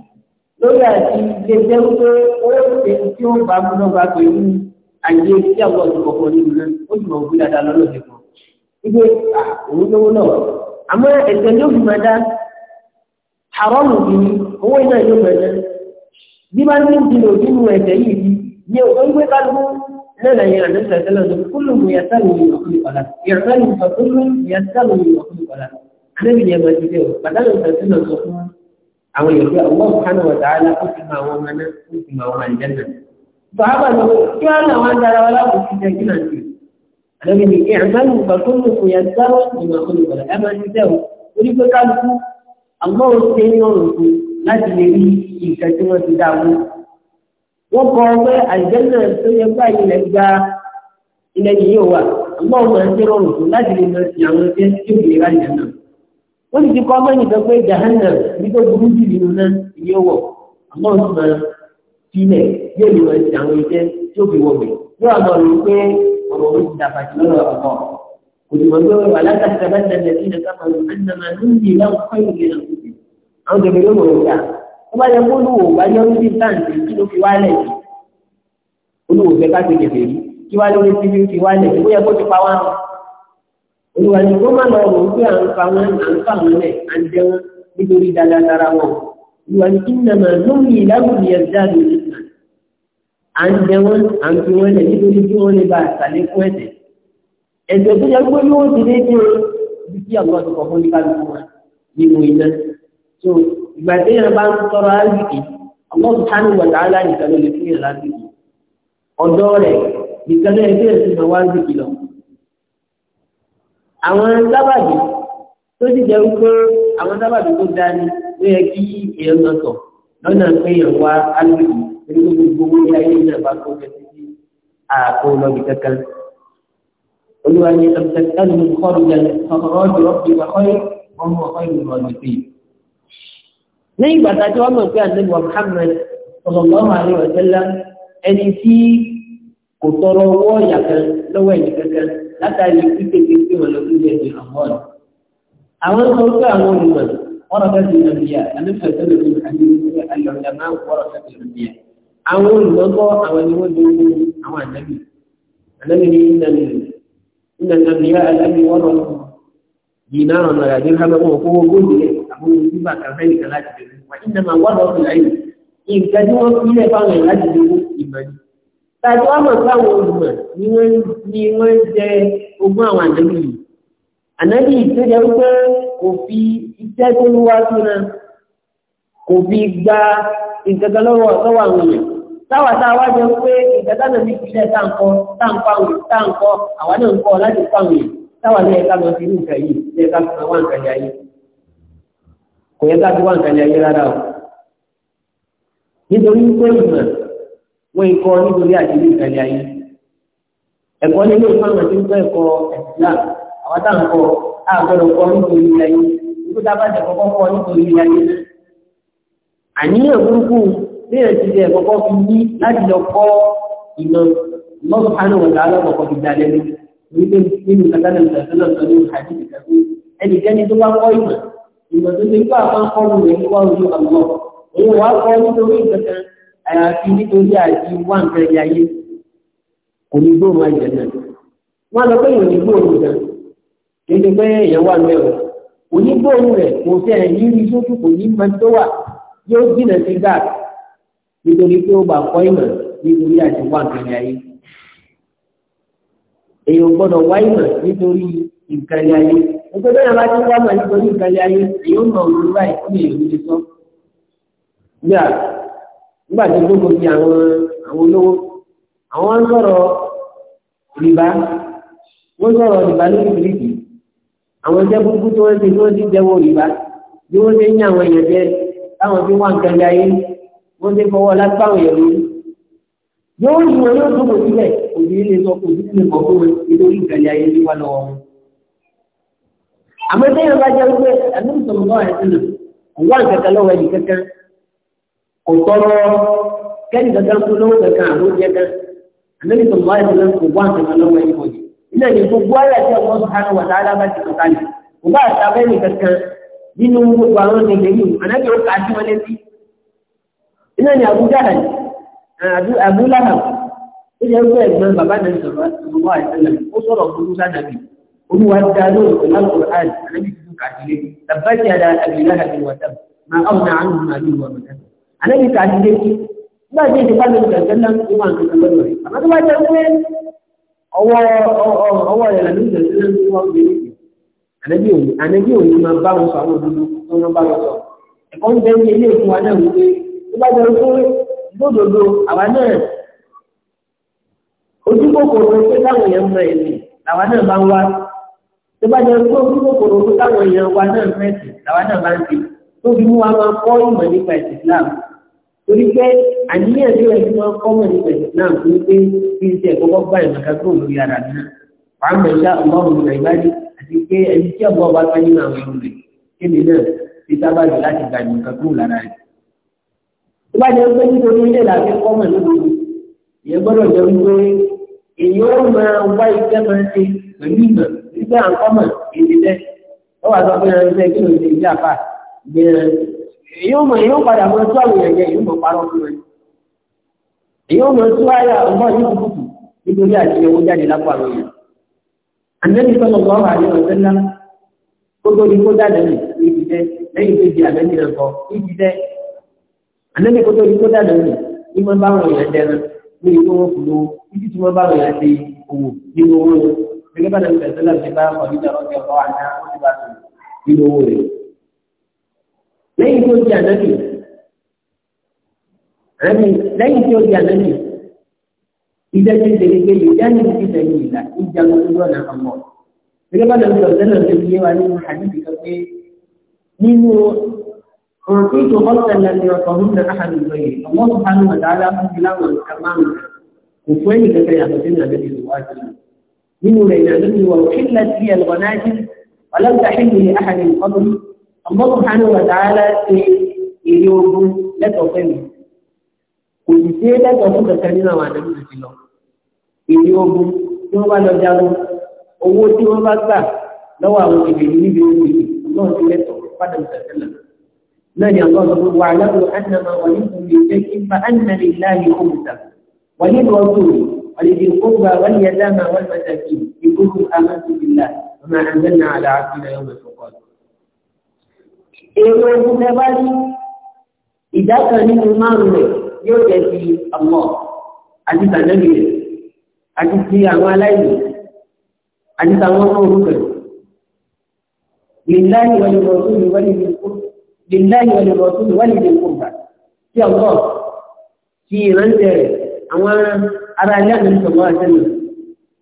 lórí àti ilé jẹ́ pé ó ṣe tí ó bá gbọ́dọ̀ bá pé ní àyè tí àwọn ọ̀dùnkọ̀ kan nínú náà ó sì mọ̀ òkú dáadáa lọ́nà òde kan. Ibi òun lówó náà. Àmọ́ ẹ̀sẹ̀ ló fi máa dá àrọ́mù bí i owó iná yóò máa dá. Bí bá ní ìdílé òbí mu ẹ̀sẹ̀ yìí bí ní ọ̀gbọ́n gbé kálukú náà lẹ́yìn àdéhùn ẹ̀sẹ̀ lọ́dún kúlù mu yàtọ̀ lóyún ọkùnrin kọ̀lá. Yàtọ̀ lóyún ọkùnrin kọ̀lá. Àdébìyẹ àwọn èèyàn pé ọwọ́ ìkánà wọ̀dà alákòókìmọ̀ àwọn ọmọ náà ó sì mọ àwọn àìjẹ́nà. Bàbá lọ kí wọ́n náà wọ́n dára wọn láwọn òṣìṣẹ́ kí náà ṣe. Àlọ́bí ni kí ẹ̀rọ ní ìgbà tó ń lò fòyà sáró ìmọ̀ olùgbàlà ẹ máa ń ṣiṣẹ́ o. Ó ní wọn. Wọ́n kọ pé àmọ́ ó máa rọrùn láti lè lọ sí àwọn ẹgbẹ́ tí ó lè rà ìyẹn ó ti kọ́ mẹ́yìn tó pé jahanna ní tó burú nínú náà iye wọ̀ àmọ́ ó sílẹ̀ yóò lè wọ ẹsẹ̀ àwọn iṣẹ́ tí ó fi wọ̀ mí yóò àmọ́ rí pé ọ̀rọ̀ ó ti dàpà sí lọ́rọ̀ ọ̀pọ̀ kò sì wọ́n pé alágbàtà bá ti dàgbà sí ìdàgbà máa ń nà máa ń yí láwọn àwọn kẹfẹ́ yóò mọ̀ wọ́n bá yẹ kó olúwo olùwàjú kó má lọ wò ó pé à ń fa wọn à ń fa wọn lẹ à ń jẹ wọn nítorí dáadáa lára wọn olùwàjú kí nà máa lórí ìdáhùn yẹn dáàbò nípa à ń jẹ wọn à ń fi wọn lẹ nítorí kí wọn lè ba àtàlẹ fún ẹsẹ ẹsẹ tó yẹ pé yóò ti dé dé ibi tí àwọn ọdún kọ̀ọ̀kan ní kálukú wa nínú iná so ìgbà tí yẹn bá ń sọ̀rọ̀ áàzìkì àwọn sùtánù wà láàlá nìkan ló lè fún yẹn láàzìkì ọ̀dọ́ rẹ̀ nìkan ló yẹ kí àwọn sábàbí tó sì jẹ́ wípé àwọn sábàbí tó dání ló yẹ kí èèyàn lọ sọ lọ́nà pé èèyàn wá alùpùpù nínú gbogbo owó ayé náà bá tó fẹ́ sí àpò lọ́bì kankan. olúwa ni ẹnu kọ́ọ̀dù jẹ́ ọ̀rọ̀dù ọ̀pẹ̀ ìwàkọ́yé ọmọ ọ̀kọ́ ìlú ọ̀dù sí. lẹ́yìn ìgbà tá a ti wá mọ̀ pé àdébọ̀ Muhammad sallallahu alaihi wa sallam ẹni tí kò tọrọ látàrí kékeré wọn lórí ilé ẹ̀jẹ̀ àmọ́ọ̀nù. àwọn ọmọ orí àwọn olùmọ̀ wọ́n rọ̀ bẹ́ẹ̀ lọ bí i àlùfẹ́ tẹ́lẹ̀ ní àyè àyọ̀dà máa ń wọ́rọ̀ tẹ́lẹ̀ lọ bí i. àwọn olùmọ̀ kọ́ àwọn ni wọ́n lórí àwọn ànábì ànábì ní ìnàmì ìnàmì ànábì wọ́n rọ̀ dìínà ọ̀nà àdìrẹ́mọ̀ owó gómìnà àwọn olùdíbà kàfẹ́ nìkan láti dẹ̀rù tàbí wọ́n mọ̀ sáwọn olùmọ̀ ni wọn jẹ ogún àwọn ànábì yìí ànábì tó wípé kò fi iṣẹ́ tó ń wá súnra kò fi gba ìgbẹ́gbẹ́ lọ́wọ́ sọ́wọ́ àwọn èèyàn táwa tá a wá jẹ pé ìgbẹ́gbẹ́ náà ní ìpínlẹ̀ táǹkọ́ táǹkọ́ àwọn táǹkọ́ àwa náà ń kọ́ láti àwọn èèyàn táwa ní lọ sí nǹkan yìí ní nǹkan kò yẹ ká nǹkan rárá o nítorí ìmọ̀ wọ́n ikọ́ nítorí àjẹlé ìgbàlẹ̀ ayé ẹ̀kọ́ nínú ìfọ̀nà tí ń kọ́ ẹ̀kọ́ ẹ̀sìlá àwọn táwọn kọ́ àgbọ̀dọ̀ kọ́ nítorí ilé ayé nígbà tá a bá jẹ́ kọ́kọ́ kọ́ nítorí ilé ayé àníyàn burúkú léèyàn ti jẹ́ kọ́kọ́ fi ní láti lọ kọ́ ìnà lọ́sùpánù ọ̀gá alákọ̀ọ́kọ́ fi dá lẹ́nu wípé nínú kátàlá ìgbàsọ́lọ̀ sọ ní àti ìgbàgbé ẹnikẹ́ni tó bá kọ́ ìmọ̀ ìmọ̀ tó ti gbà máa kọ́ lù rẹ̀ níwájú àyàfi nítorí àti wá nǹkan ẹ̀yà ayé kò ní gbóòrùn àjẹ náà wọ́n lọ pé èèyàn ní gbóòrùn gan kì í ṣe pé èèyàn wà mẹ́rọ kò ní gbóòrùn rẹ̀ kò fẹ́ ẹ̀yìn rí sókè kò ní mọ tó wà yóò jìnà sí gáàt nítorí pé ó bá kọ́ ìmọ̀ nítorí àti wá nǹkan ẹ̀yà ayé èèyàn gbọ́dọ̀ wá ìmọ̀ nítorí nǹkan ẹ̀yà ayé nítorí àwọn bá ti wá mọ̀ nítorí nǹkan ẹ̀yà ayé èèyàn mọ̀ nígbà tí ológo fi àwọn àwọn olówó àwọn ń sọ̀rọ̀ rìbá wọ́n sọ̀rọ̀ rìbá lórí bíríkì àwọn ẹgbẹ́ burúkú tí wọ́n ti tí wọ́n ti jẹ́wọ́ rìbá bí wọ́n ti ń yàn àwọn èèyàn jẹ táwọn fi wá nǹkan jẹ ayé wọ́n ti fọwọ́ láti báwọn èèyàn lórí yóò yí wọn yóò dúró síbẹ̀ òbí lè sọ kò sí lè mọ̀ fún wọn nítorí nǹkan jẹ ayé wíwá lọ́wọ́ wọn. àmọ́ tẹ́yìn bá jẹ́ wípé àdúgbò sọ̀rọ̀ bá wà ọ̀tọ́rọ̀ kẹ́ni kankan kú lọ́wọ́ kankan àlọ́ jẹ́ kan àmẹ́lì tó wáyé tó lọ́wọ́ kò wá nǹkan lọ́wọ́ ẹni wọ̀nyí ilé ní gbogbo ayé àti ọmọ sọ̀rọ̀ wà dáadáa bá ti kọ̀ọ̀kan ní kò bá àtàbẹ́ ní kankan nínú gbogbo àwọn ènìyàn yìí ànábì ó kà á sí wọn létí ilé ní Abu Jahl Abu Lahab ó yẹ kó ẹ̀gbọ́n bàbá náà sọ̀rọ̀ àtúnwá ìṣẹ̀lẹ̀ ó sọ̀rọ̀ burú sádàbí olúwa dá lóòrùn pẹ̀lú àlùkò àlùkò àlùkò àti lè tàbátì àdá àbìlá àbìwọ̀tà máa ọ̀nà àánú màálù wà àlẹ́bí ta ti dé nígbà tí ìdí bámi ìgbà ìgbà náà ti máa ń gbà lọ́dọ̀ rẹ̀ àmọ́ tó bá jẹ́ pé ọwọ́ ọwọ́ rẹ̀ làbí ìgbà ìgbà náà ti wọ́n gbé nìyí àlẹ́bí òní àlẹ́bí òní máa bá wọn sọ àwọn òdodo tó wọn bá wọn sọ ẹ̀kọ́ ń bẹ ní ilé ìfún wa náà wípé tó bá jẹ́ pé lódodo àwa náà ojú kòkòrò pé táwọn èèyàn mọ ẹ̀mí làwa náà bá ń wá tó bá jẹ́ pé ojú kòkòrò pé táwọn èèyàn wa náà fẹ́ẹ̀sì làwa náà bá ń ṣe tó fi mú wa máa kọ́ ìmọ̀ nípa ìsìláàmù torí pé àníyàn tí wọ́n ti máa kọ́mọ̀ ní pẹ̀lú náà tó pé kí n tẹ̀ kọ́kọ́ bá ìmọ̀ká kúrò lórí ara mi náà wàá mọ̀ ìṣá ọlọ́run ìgbà ìbájú àti pé ẹni tí ọ̀bọ̀ bá fẹ́ nínú àwọn ẹrù rẹ̀ kémi náà ti sábàjọ láti gba ìmọ̀ká kúrò lára rẹ̀. tó bá jẹ́ pé nítorí ilé làbí kọ́mọ̀ lódodo ìyẹn gbọ́dọ̀ jẹ́ wípé èyí ó máa wá iṣẹ́ máa ṣe pẹ̀lú ìmọ̀ wípé èyí ó mọ̀ èyí ó padà mọ́ tó àwọn ẹ̀yẹ èyí ó mọ̀ parọ́ fún ẹ̀ èyí ó mọ̀ tó àyà ọgbọ́n yìí kúkú nítorí àti owó jáde lápò àwọn èèyàn ànẹ́bí sọ́nà ọgbọ́n wà ní ọ̀sẹ̀ ńlá kó tó di kó jáde nì ibi tẹ́ lẹ́yìn tó di àbẹ́ni rẹ̀ kọ́ ibi tẹ́ ànẹ́bí kó tó di kó jáde nì ní mọ́ báwọn èèyàn dẹrẹ ní ìlú wọn kùn lówó títí tí wọ́n báwọn èèyàn ti òwò nínú owó rẹ̀ gẹ́gẹ́ bá lẹ́yìn tó di ànábì àmì lẹ́yìn tó di ànábì ìdájọ́ ìdèrè pé ìdá ní ti tẹ̀lé ìlà ìjà lójú ọ̀nà àmọ́ gẹ́gẹ́ bá lọ́wọ́ ìjọba náà ti yé wa nínú àdìsí kan pé nínú ọ̀rọ̀ tó tó ọ̀sẹ̀ lẹ́nu ọ̀sọ̀ ọ̀hún náà àhàmì lọ́yẹ̀ ọmọ tó bá ní wà dáadáa fún mi láwọn nǹkan márùn kò fún ẹnì kankan yàtọ̀ sí ìrìnàjò ìwádìí nínú rẹ̀ ìrìnàjò ìwà òkè Allah subhanahu wa ta'ala ṣe èrè ogun lẹ́tọ̀ọ́ fẹ́mi kò sì ṣe lẹ́tọ̀ọ́ fún kẹ̀kẹ́ nínú àwọn àdéhùn àti lọ èrè ogun tí wọ́n bá lọ jagun owó tí wọ́n bá gbà lọ́wọ́ àwọn ènìyàn níbi ogun yìí Allah ti lẹ́tọ̀ọ́ padà ìtẹ̀sẹ̀ náà náà ni Allah sọ wà á lọ́dọ̀ wà nínú mi ṣe kí n bá ànàmà ìlànà ìkọ̀mùtà wà nínú ọdún ولذي القربى واليتامى والمساكين بكل آمنت بالله وما أنزلنا على عبدنا يوم الفقر èrò ogun tẹ bá ní ìdá kan nínú márùn rẹ̀ yóò jẹ́ ti àmọ́ àti tàjẹ́bì rẹ̀ àti ti àwọn aláìní àti tàwọn ọmọ orúkẹ̀. Lèláyìn wọlé bọ̀ tó lè wọlé ní kó. Lèláyìn wọlé bọ̀ tó lè wọlé ní kó gbà. Tí ọ̀pọ̀ ti ìránṣẹ́ rẹ̀ àwọn ará ilé àmì ìṣọ̀gbọ́n àtẹ́lẹ̀.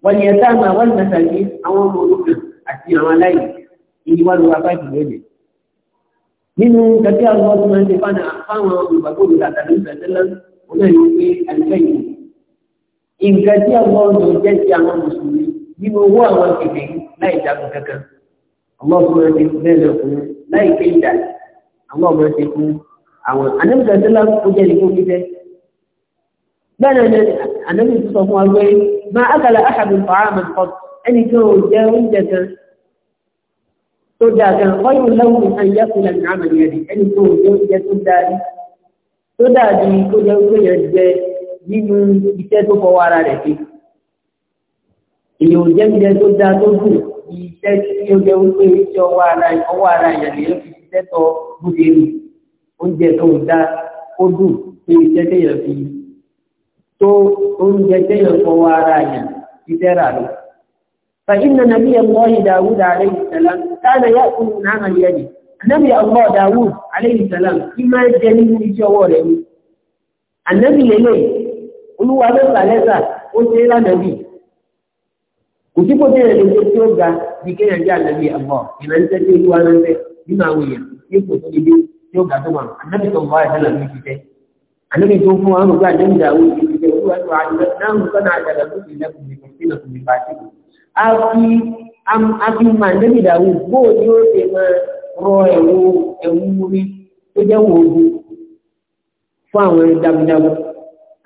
Wọ́n yẹ táàmù àwọn ìmọ̀tàkì àwọn ọmọ orúkẹ̀ àti àwọn aláìní. Ìyíwá ló wá nínú kẹtí àwọn ọdún máa ń ṣe fáwọn fáwọn olùgbàgbọ́ òdòdó àtàlẹ́ ìfẹ̀sẹ̀lẹ́ olóyìn pé àlùfẹ́yìn nǹkan tí àwọn ọdún jẹ́ ti àwọn mùsùlùmí nínú owó àwọn kẹfẹ́ láì jagun kankan àwọn ọmọ ẹni bẹ́ẹ̀ lọ fún láì ké ìdá àwọn ọmọ ẹni fún àwọn anẹ́mùsẹ̀sẹ̀lẹ́ ó jẹ́ ìlú fífẹ́ bẹ́ẹ̀ ni anẹ́mùsẹ̀ sọ fún wa pé máa ákàlà áhàbì fàámà tó dáa gan ọyọ lẹ́wọ̀n nǹkan yẹ kó lẹ́nu àmà yẹn di ẹni tó yẹ oúnjẹ tó dáa ní tó dáa di tó jẹ oúnjẹ yẹn jẹ nínú iṣẹ́ tó fọwọ́ ara rẹ̀ ṣe èèyàn jẹ oúnjẹ tó dáa tó dùn iṣẹ́ tí ó jẹ oúnjẹ iṣẹ́ ọwọ́ ara ọwọ́ ara yẹn lè fi iṣẹ́ tọ bóde nù oúnjẹ tó dáa ó dùn tó iṣẹ́ téèyàn fi tó oúnjẹ téèyàn fọwọ́ ara yẹn iṣẹ́ rà lọ. فإن نبي الله داود عليه السلام كان يأكل من عمل يده النبي الله داوود عليه السلام إما جنين لجواله النبي ليه olúwa ló gbà lẹ́sà ó ṣe lánàbì kò sí kòtò ìrìn àjò tí ó ga bí kéèyàn jẹ́ ànàbì àbọ̀ ìrànṣẹ́ tí olúwa ló ń fẹ́ nínú àwọn èèyàn ní kò tó ibi tí ó ga tó wà ànàbì tó ń bọ̀ àìsàn làbí ṣiṣẹ́ ànàbì tó ń fún wa rògbà ànàbì dàwó ti ṣiṣẹ́ olúwa tó àjọ náà ń sọ́nà àjàdà tó ti lẹ́kùn mi kò sí lọ́kùn mi bá ti a fi àfi máa nẹ́bí ìdàrú bóò ni ó ṣe máa rọ ẹ̀wù ẹ̀wù rí tó jẹ́ wò ogun fún àwọn jagunjagun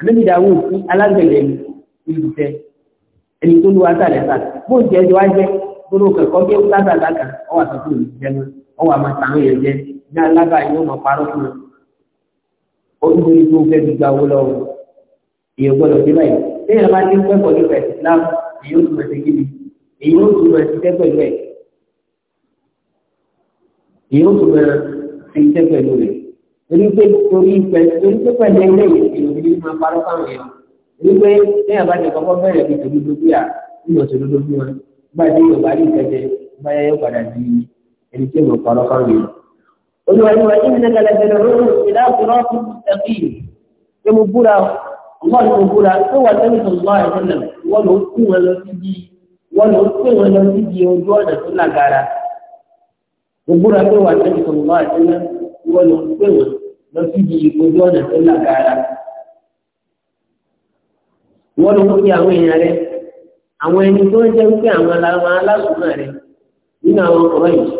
nẹ́bí ìdàrú sí alágbẹ̀dẹ ìlúṣẹ́ ẹni tó lu àtàlẹ́ sà bóò jẹ́ ẹjọ́ wá jẹ́ gbọ́dọ̀ kẹ̀kọ́ bí ó lásà láka ọwà tó kúrò jẹ́ mọ́ ọwà máa tàn yẹn jẹ́ ní alága yìí ó máa parọ́ fún un ó ń torí tó fẹ́ gbígba owó lọ́wọ́ èèyàn gbọ́dọ̀ dé báyìí èyí ó tún máa ṣiṣẹ́ pẹ̀lú ẹ̀ èyí ó tún máa ṣiṣẹ́ pẹ̀lú rẹ̀ torí pé torí pẹ̀ torí pé pẹ̀lú ẹgbẹ́ yìí èyí ò ní máa parọ́ fáwọn èèyàn torí pé ní àbájá kọ́kọ́ bẹ̀rẹ̀ bí tòlú lójú à nínú tòlú lójú wọn bá dé yorùbá rí ìtẹ́jẹ bá yẹ yóò padà di ẹni tí mo parọ́ fáwọn èèyàn. olùwàlúwà yìí nígbà lẹ́gbẹ̀rẹ̀ lórí ìdáàbòrò ọ̀fun tẹ̀fì pé mo búra ọgbọ́n mi mo búra tó wà tẹ́lifù lọ́wọ́ àìsàn náà wọ́n ló kú wọn lọ sí bíi wọ́n lọ pé wọ́n lọ síbi ojú ọ̀nà tó lágara gbogbo rẹ̀ pé wàá tẹ̀lé sọ̀rọ̀ máa tẹ́lẹ̀ wọ́n lọ pé wọ́n lọ síbi ojú ọ̀nà tó lágara wọ́n lọ pé àwọn èèyàn rẹ̀ àwọn ẹni tó ń jẹ́ pé àwọn aláṣùmọ̀ rẹ̀ nínú àwọn ọ̀rọ̀ yìí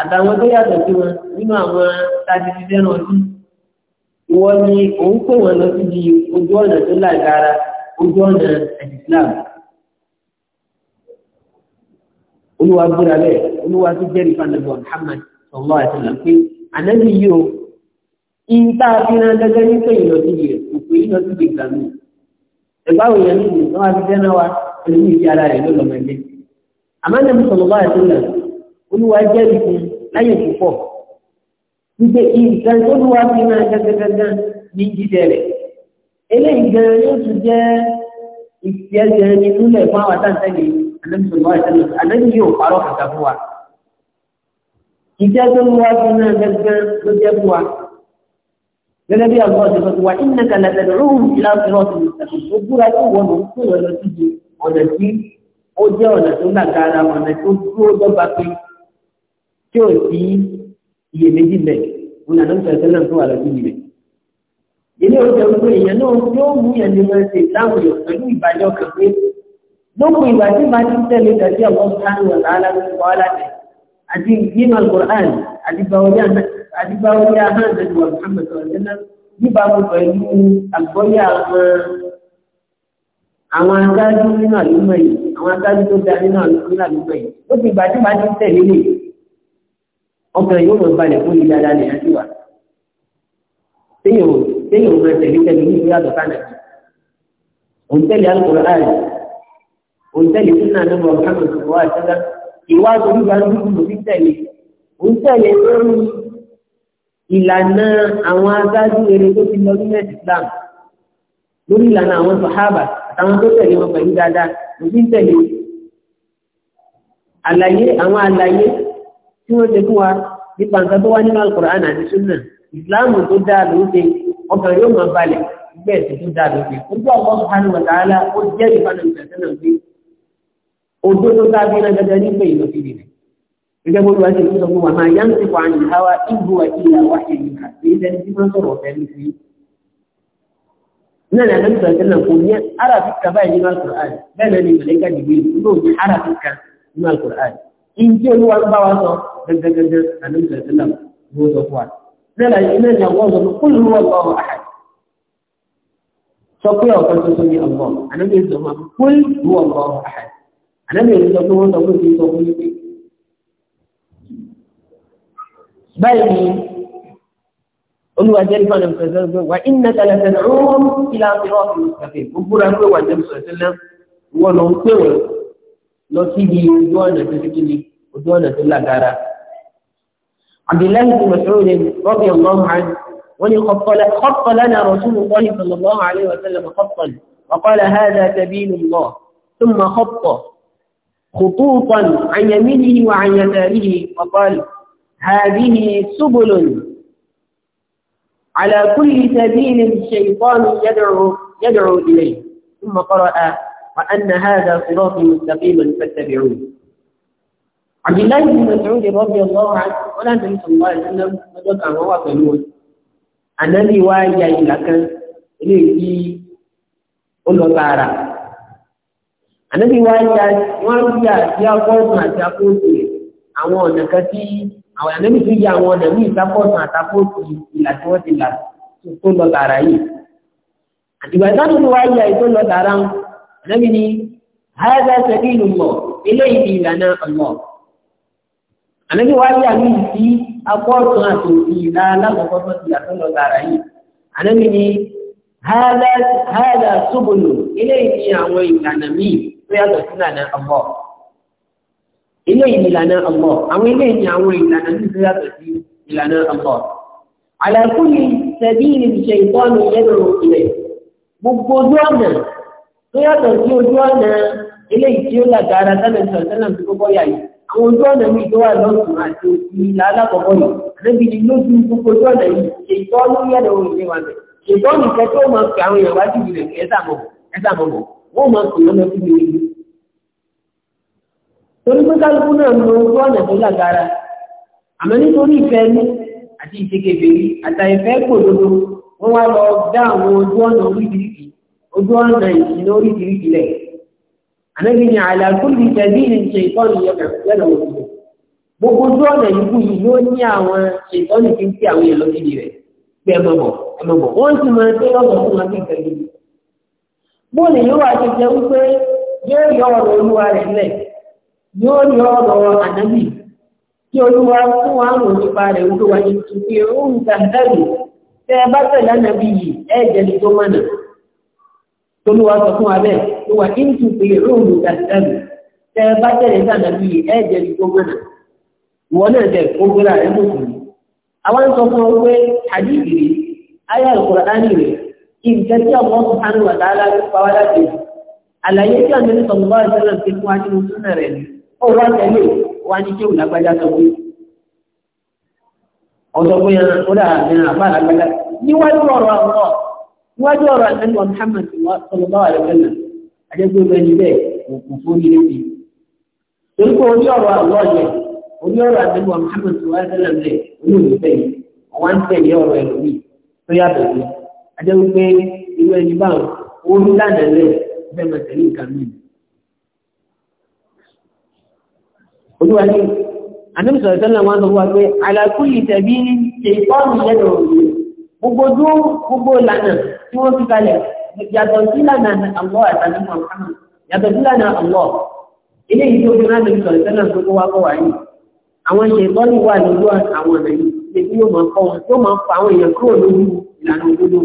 àtàwọn tó yàtọ̀ sí wọn nínú àwọn tájí ti dẹ́nu ọdún ìwọ ni òun pè wọn lọ síbi ojú ọ̀nà tó lágara ojú ọ̀nà ẹ̀dìsíláàmù olúwa búra bẹ́ẹ̀ olúwa tó jẹ́rìí fanabọ̀ Muhammad sallallahu alaihi wasallam pé ànábì yìí o ìta àfihàn gẹ́gẹ́ ní pé ìlọsíbi rẹ̀ kò pé ìlọsíbi ìgbà mi ẹ̀gbá òyìn ní ìlú wọn ti fẹ́ràn wa pẹ̀lú ìdí ara rẹ̀ ló lọ́mọ ẹgbẹ́ àmọ́ ànábì sallallahu alaihi wasallam olúwa jẹ́rìí fún láyé púpọ̀ wípé ìgbà olúwa fi máa gẹ́gẹ́gẹ́gẹ́ ní jíjẹ rẹ̀ eléyìí gan yóò tún jẹ́ ìfẹ́ àlẹ́bí yóò parọ́ kàkà fún wa ìjẹ́ tó ń wájú náà gẹ́gẹ́ ló jẹ́ fún wa gẹ́gẹ́ bí àwọn ọ̀sẹ̀ tó ti wá ìnà kalẹ̀ tẹ̀lé rúùn ìlà ìrọ̀ tó ti tó búra tó wọ́n ló ń pè wọ́n lọ síbi ọ̀nà tí ó jẹ́ ọ̀nà tó là gara ọ̀nà tó dúró dọ́gba pé tí ò sí iyèméjì bẹ̀ ọ̀nà tó ń sọ̀rọ̀ tẹ́lẹ̀ tó wà lọ síbi bẹ̀. ilé oúnjẹ gbogbo èèyàn náà yóò mú yẹn ní wọn ṣe láwọn èèyàn pẹ̀lú ìbàjẹ́ ọkàn pé gbogbo ìgbà tí bá ti tẹ́lẹ̀ tàbí àwọn ọ̀sán wà láàrín wàhálà rẹ̀ àti nínú alkùnrin àdìgbàwọ́lẹ́ ahán àti Muhammad ọ̀lẹ́lá nípa mo pẹ̀lú àgbọ́yé àwọn agájú nínú àlúmọ̀ yìí àwọn agájú tó da nínú àlúmọ̀ yìí ó ti ìgbà tí bá ti tẹ̀lé lè ọkùnrin yóò mọ̀ balẹ̀ fún ilé ara rẹ̀ àti wà téèyàn ò máa tẹ̀lé tẹ̀lé ní ìwé òǹtẹ̀lẹ̀ tó náà lọ́wọ́ ọ̀gáàmù ìṣòwò àtẹ́lá ìwádìí orí gbàgbé ìlú fi tẹ̀lé òǹtẹ̀lé lórí ìlànà àwọn agájú eré tó ti lọ nílẹ̀ Islam lórí ìlànà àwọn sàhábà àtàwọn tó tẹ̀lé wọn pẹ̀lú dáadáa òfin tẹ̀lé àlàyé àwọn àlàyé tí wọ́n ṣe fún wa nípa nǹkan tó wá nínú Al-Qur'an àti sunna Islam tó dáa lóde ọkàn yóò máa balẹ̀ gbẹ̀ẹ́sì tó dáa lóde ojú àwọn ọmọ hàn wọ̀tàálà ó jẹ́ ìfanà ìfẹ̀sẹ̀ náà gbé ojo to ta bi na ìlọsílẹ̀ rẹ̀. Gẹ́gẹ́ bó lọ́wọ́ ṣe ló sọ fún wa, mo ma yan ti kwani hawa ibu ìbò àti ìyàwó àti ha tí ẹni tí máa so ro ọ̀fẹ́ ní na Náà ta ta na kò ní ara fi ka báyìí nínú Al-Qur'an, bẹ́ẹ̀ náà ni Màlẹ́kà dìbò yìí, ló ní ara fi ka nínú Al-Qur'an. je lu wa bá wa sọ da da da gẹ́gẹ́gẹ́gẹ́ àná na ló sọ kwa na fún wa. Náà iná ni àwọn ọ̀sán wa wọ́n lọ́wọ́ àhàd. Sọ pé ọ̀kan tuntun ni ọ̀gbọ́n, àná ìṣẹ̀lẹ̀ kúlù wọ́n lọ́wọ́ àhàd. àlẹ́bí èyí sọ pé wọ́n sọ pé èyí sọ fún yípe báyìí ni olúwa jẹ́ nípa nàìjíríà sọ pé wà iná kalẹ̀ sẹ́lẹ̀ ọ̀hún ilá ọ̀hún ọ̀hún kàfé gbogbo rẹ̀ pé wà jẹ́mi sọ̀rọ̀ sẹ́lẹ̀ wọ́n lọ ń pè wọ́n lọ síbi ojú ọ̀nà tó ti ní ojú ọ̀nà tó lágara abdullahi bin masoud rọ́bì ọlọ́run àná wọ́n ní kọ́kọ́ lánàá rọ̀ṣùn wọ́n ní sọ̀rọ̀ lọ́rùn àlẹ́ wọ́n sẹ́lẹ̀ kọ́kọ́ وقال هذا سبيل الله ثم خطه خطوطا عن يمينه وعن يماله وقال هذه سبل على كل سبيل الشيطان يدعو يدعو إليه ثم قرأ وأن هذا صراط مستقيما فاتبعوه عبد الله بن مسعود رضي الله عنه قال النبي صلى الله عليه وسلم مدد أن هو فنون أنا لي لك إليه قل وطارا ànábì wa ya wọ́n fi àti akọ́sùn àti akọ́sùn àwọn ọ̀nà kan tí àwọn ànábì fi ya àwọn ọ̀nà ní ìsakọ́sùn àtakọ́sùn ìlà tí wọ́n ti là tó lọ tààrà yìí àtìgbà ìtàn tó wá ya ìtó lọ tààrà ń ànábì ni hàdà sẹ́kìlù mọ̀ eléyìí ni ìlànà ọ̀nà ànábì wa ya ní ìsí akọ́sùn àtòsí ìlà alákọ̀ọ́kọ́ tó ti là tó lọ tààrà yìí ànábì ni hàdà sóbòlò eléyìí ni àwọn ìlànà míì tó yàtọ̀ sí ìlànà Allah ilé ìlànà Allah àwọn ilé ìní àwọn ìlànà ní tó yàtọ̀ sí ìlànà Allah ala kulli sabil shaytan yad'u ilayhi gbogbo ojú ọ̀nà tó yàtọ̀ sí ojú ọ̀nà ilé ìtí ó làgàrà sálẹ̀sọ̀ sálẹ̀m tó kọ́kọ́ yà yìí àwọn ojú ọ̀nà mi tó wà lọ́sùn àti ìlà alákọ̀ọ́kọ́ yìí níbi ni lójú gbogbo ojú ọ̀nà yìí ṣètọ́ ló yẹ̀dọ̀ òun ìlé wa bẹ̀ ṣètọ́ nìkan tó mọ̀ àwọn èèyàn wájú ìrẹ̀ ẹ̀sà wọ́n máa kàn án lọ sí ibi ìlú. torí pé kálukú náà mọ ojú ọ̀nà tó lágara àmọ́ nítorí ìfẹ́ ní àti ìṣekèbèrè àtàìfẹ́ gbòdodo wọ́n wá lọ dá àwọn ojú ọ̀nà oríṣiríṣi ojú ọ̀nà ìṣìnà oríṣiríṣi lẹ̀. ànábi ni àlàkùnrin tẹ̀lé ní ṣe ìtọ́nù yẹ̀rọ òṣèlú gbogbo ojú ọ̀nà ìlú yìí ló ní àwọn ṣe ìtọ́nù tí ń fi àwọn èèyàn lọ sí ibi rẹ̀ pé ẹ wọ́n sì máa ń tẹ́ fún wọn bí ìtẹ́gbẹ̀ẹ́ bóòlù yóò wá ti jẹ wípé yóò yọ ọ̀rọ̀ olúwa rẹ̀ lẹ̀ yóò yọ ọ̀rọ̀ ànábì olúwa fún wa rò nípa rẹ̀ ní tẹ́ ẹ bá yìí ẹ̀jẹ̀ ni tó mọ̀nà tolúwa sọ fún wa bẹ́ẹ̀ tó wà ní tuntun ìrún gàdárì tẹ́ ẹ bá tẹ̀lé ànábì yìí ẹ̀jẹ̀ ni tó mọ̀nà ìwọ náà tẹ̀ ó gbéra rẹ̀ mọ̀ fún mi àwọn sọ fún ọ pé àdìgìrì ayé àlùkò nǹkan tí ọmọ ọmọ sanu wà lára pàwọ́ láti àlàyé tí ọmọ ní sọmọ báyìí sọlọ ti fún wájú ní súnà rẹ ni ó wá tẹ̀lé wá ní kí òlàgbájá sọ pé ọ̀dọ́ bóyá ó dà ní àbá àlágbájá níwájú ọ̀rọ̀ àwọ̀ níwájú ọ̀rọ̀ àtẹnu Muhammad sọlọ bá wà lẹ́gbẹ̀ẹ́ náà àjẹgbẹ́ bẹ́ẹ̀ ni bẹ́ẹ̀ òkú fún ní lébi torí pé orí ọ̀rọ̀ àwọ̀ yẹ orí ọ̀rọ̀ àtẹnu Muhammad sọlọ bá wà ajẹ́ wípé irú ẹni báwọn ó ní lánàá lẹ̀ bẹ́ẹ̀ máa tẹ̀lé nǹkan mi. olúwa ní àdébí sọ̀rọ̀ tẹ́lẹ̀ wọn sọ fún wa pé àlàkùn ìtẹ̀bí ṣe ìfọ́ọ̀mù lẹ́nu òye gbogbo dúró gbogbo lànà tí wọ́n fi kalẹ̀ yàtọ̀ sí lànà àlọ́ àtàlù mọ̀ọ́kánà yàtọ̀ sí lànà àlọ́ ilé yìí tó fi rán àdébí sọ̀rọ̀ tẹ́lẹ̀ gbogbo wa kọ́ wáyé àwọn ṣe ìfọ́ọ̀mù wà lójú àwọn ọ̀nà yìí ṣe tí yóò máa kọ́ wọn yóò máa fa àwọn èèyàn kúrò lójú ìlànà òdodo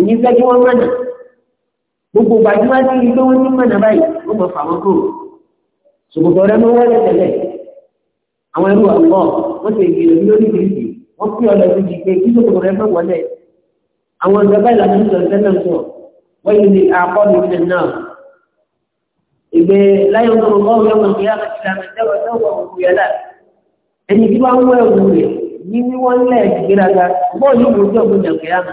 kò ní fẹ́ kí wọ́n mọ̀nà gbogbo gbajúmọ̀ sí ibi tó wọ́n ní mọ̀nà báyìí wọ́n mọ̀ fà wọ́n kúrò ṣòkòtò rẹ mọ́ wọ́n tẹ̀lẹ̀ àwọn ẹrú àgbọ̀ wọ́n ti gbìyànjú lórí ìdíjì wọ́n pín ọ̀dọ̀ ti dìgbé kí ṣòkòtò rẹ mọ́ wọlé àwọn ìjọba ìlànà ìṣòro tẹ́lẹ̀ sọ wọ́n yìí ní akọ́ni ilẹ̀ náà ìgbé láyé ọdún ọgbọ́n yọmọ ìyá àti ìlànà ìjọba ìjọba ẹni tí wọ́n ń wẹ̀ wù rẹ̀ ní wíwọ́n lẹ̀ ìgbéraga bọ́ọ̀lù ìgbòjọ́ ìgbòjọ́ ìgbéraga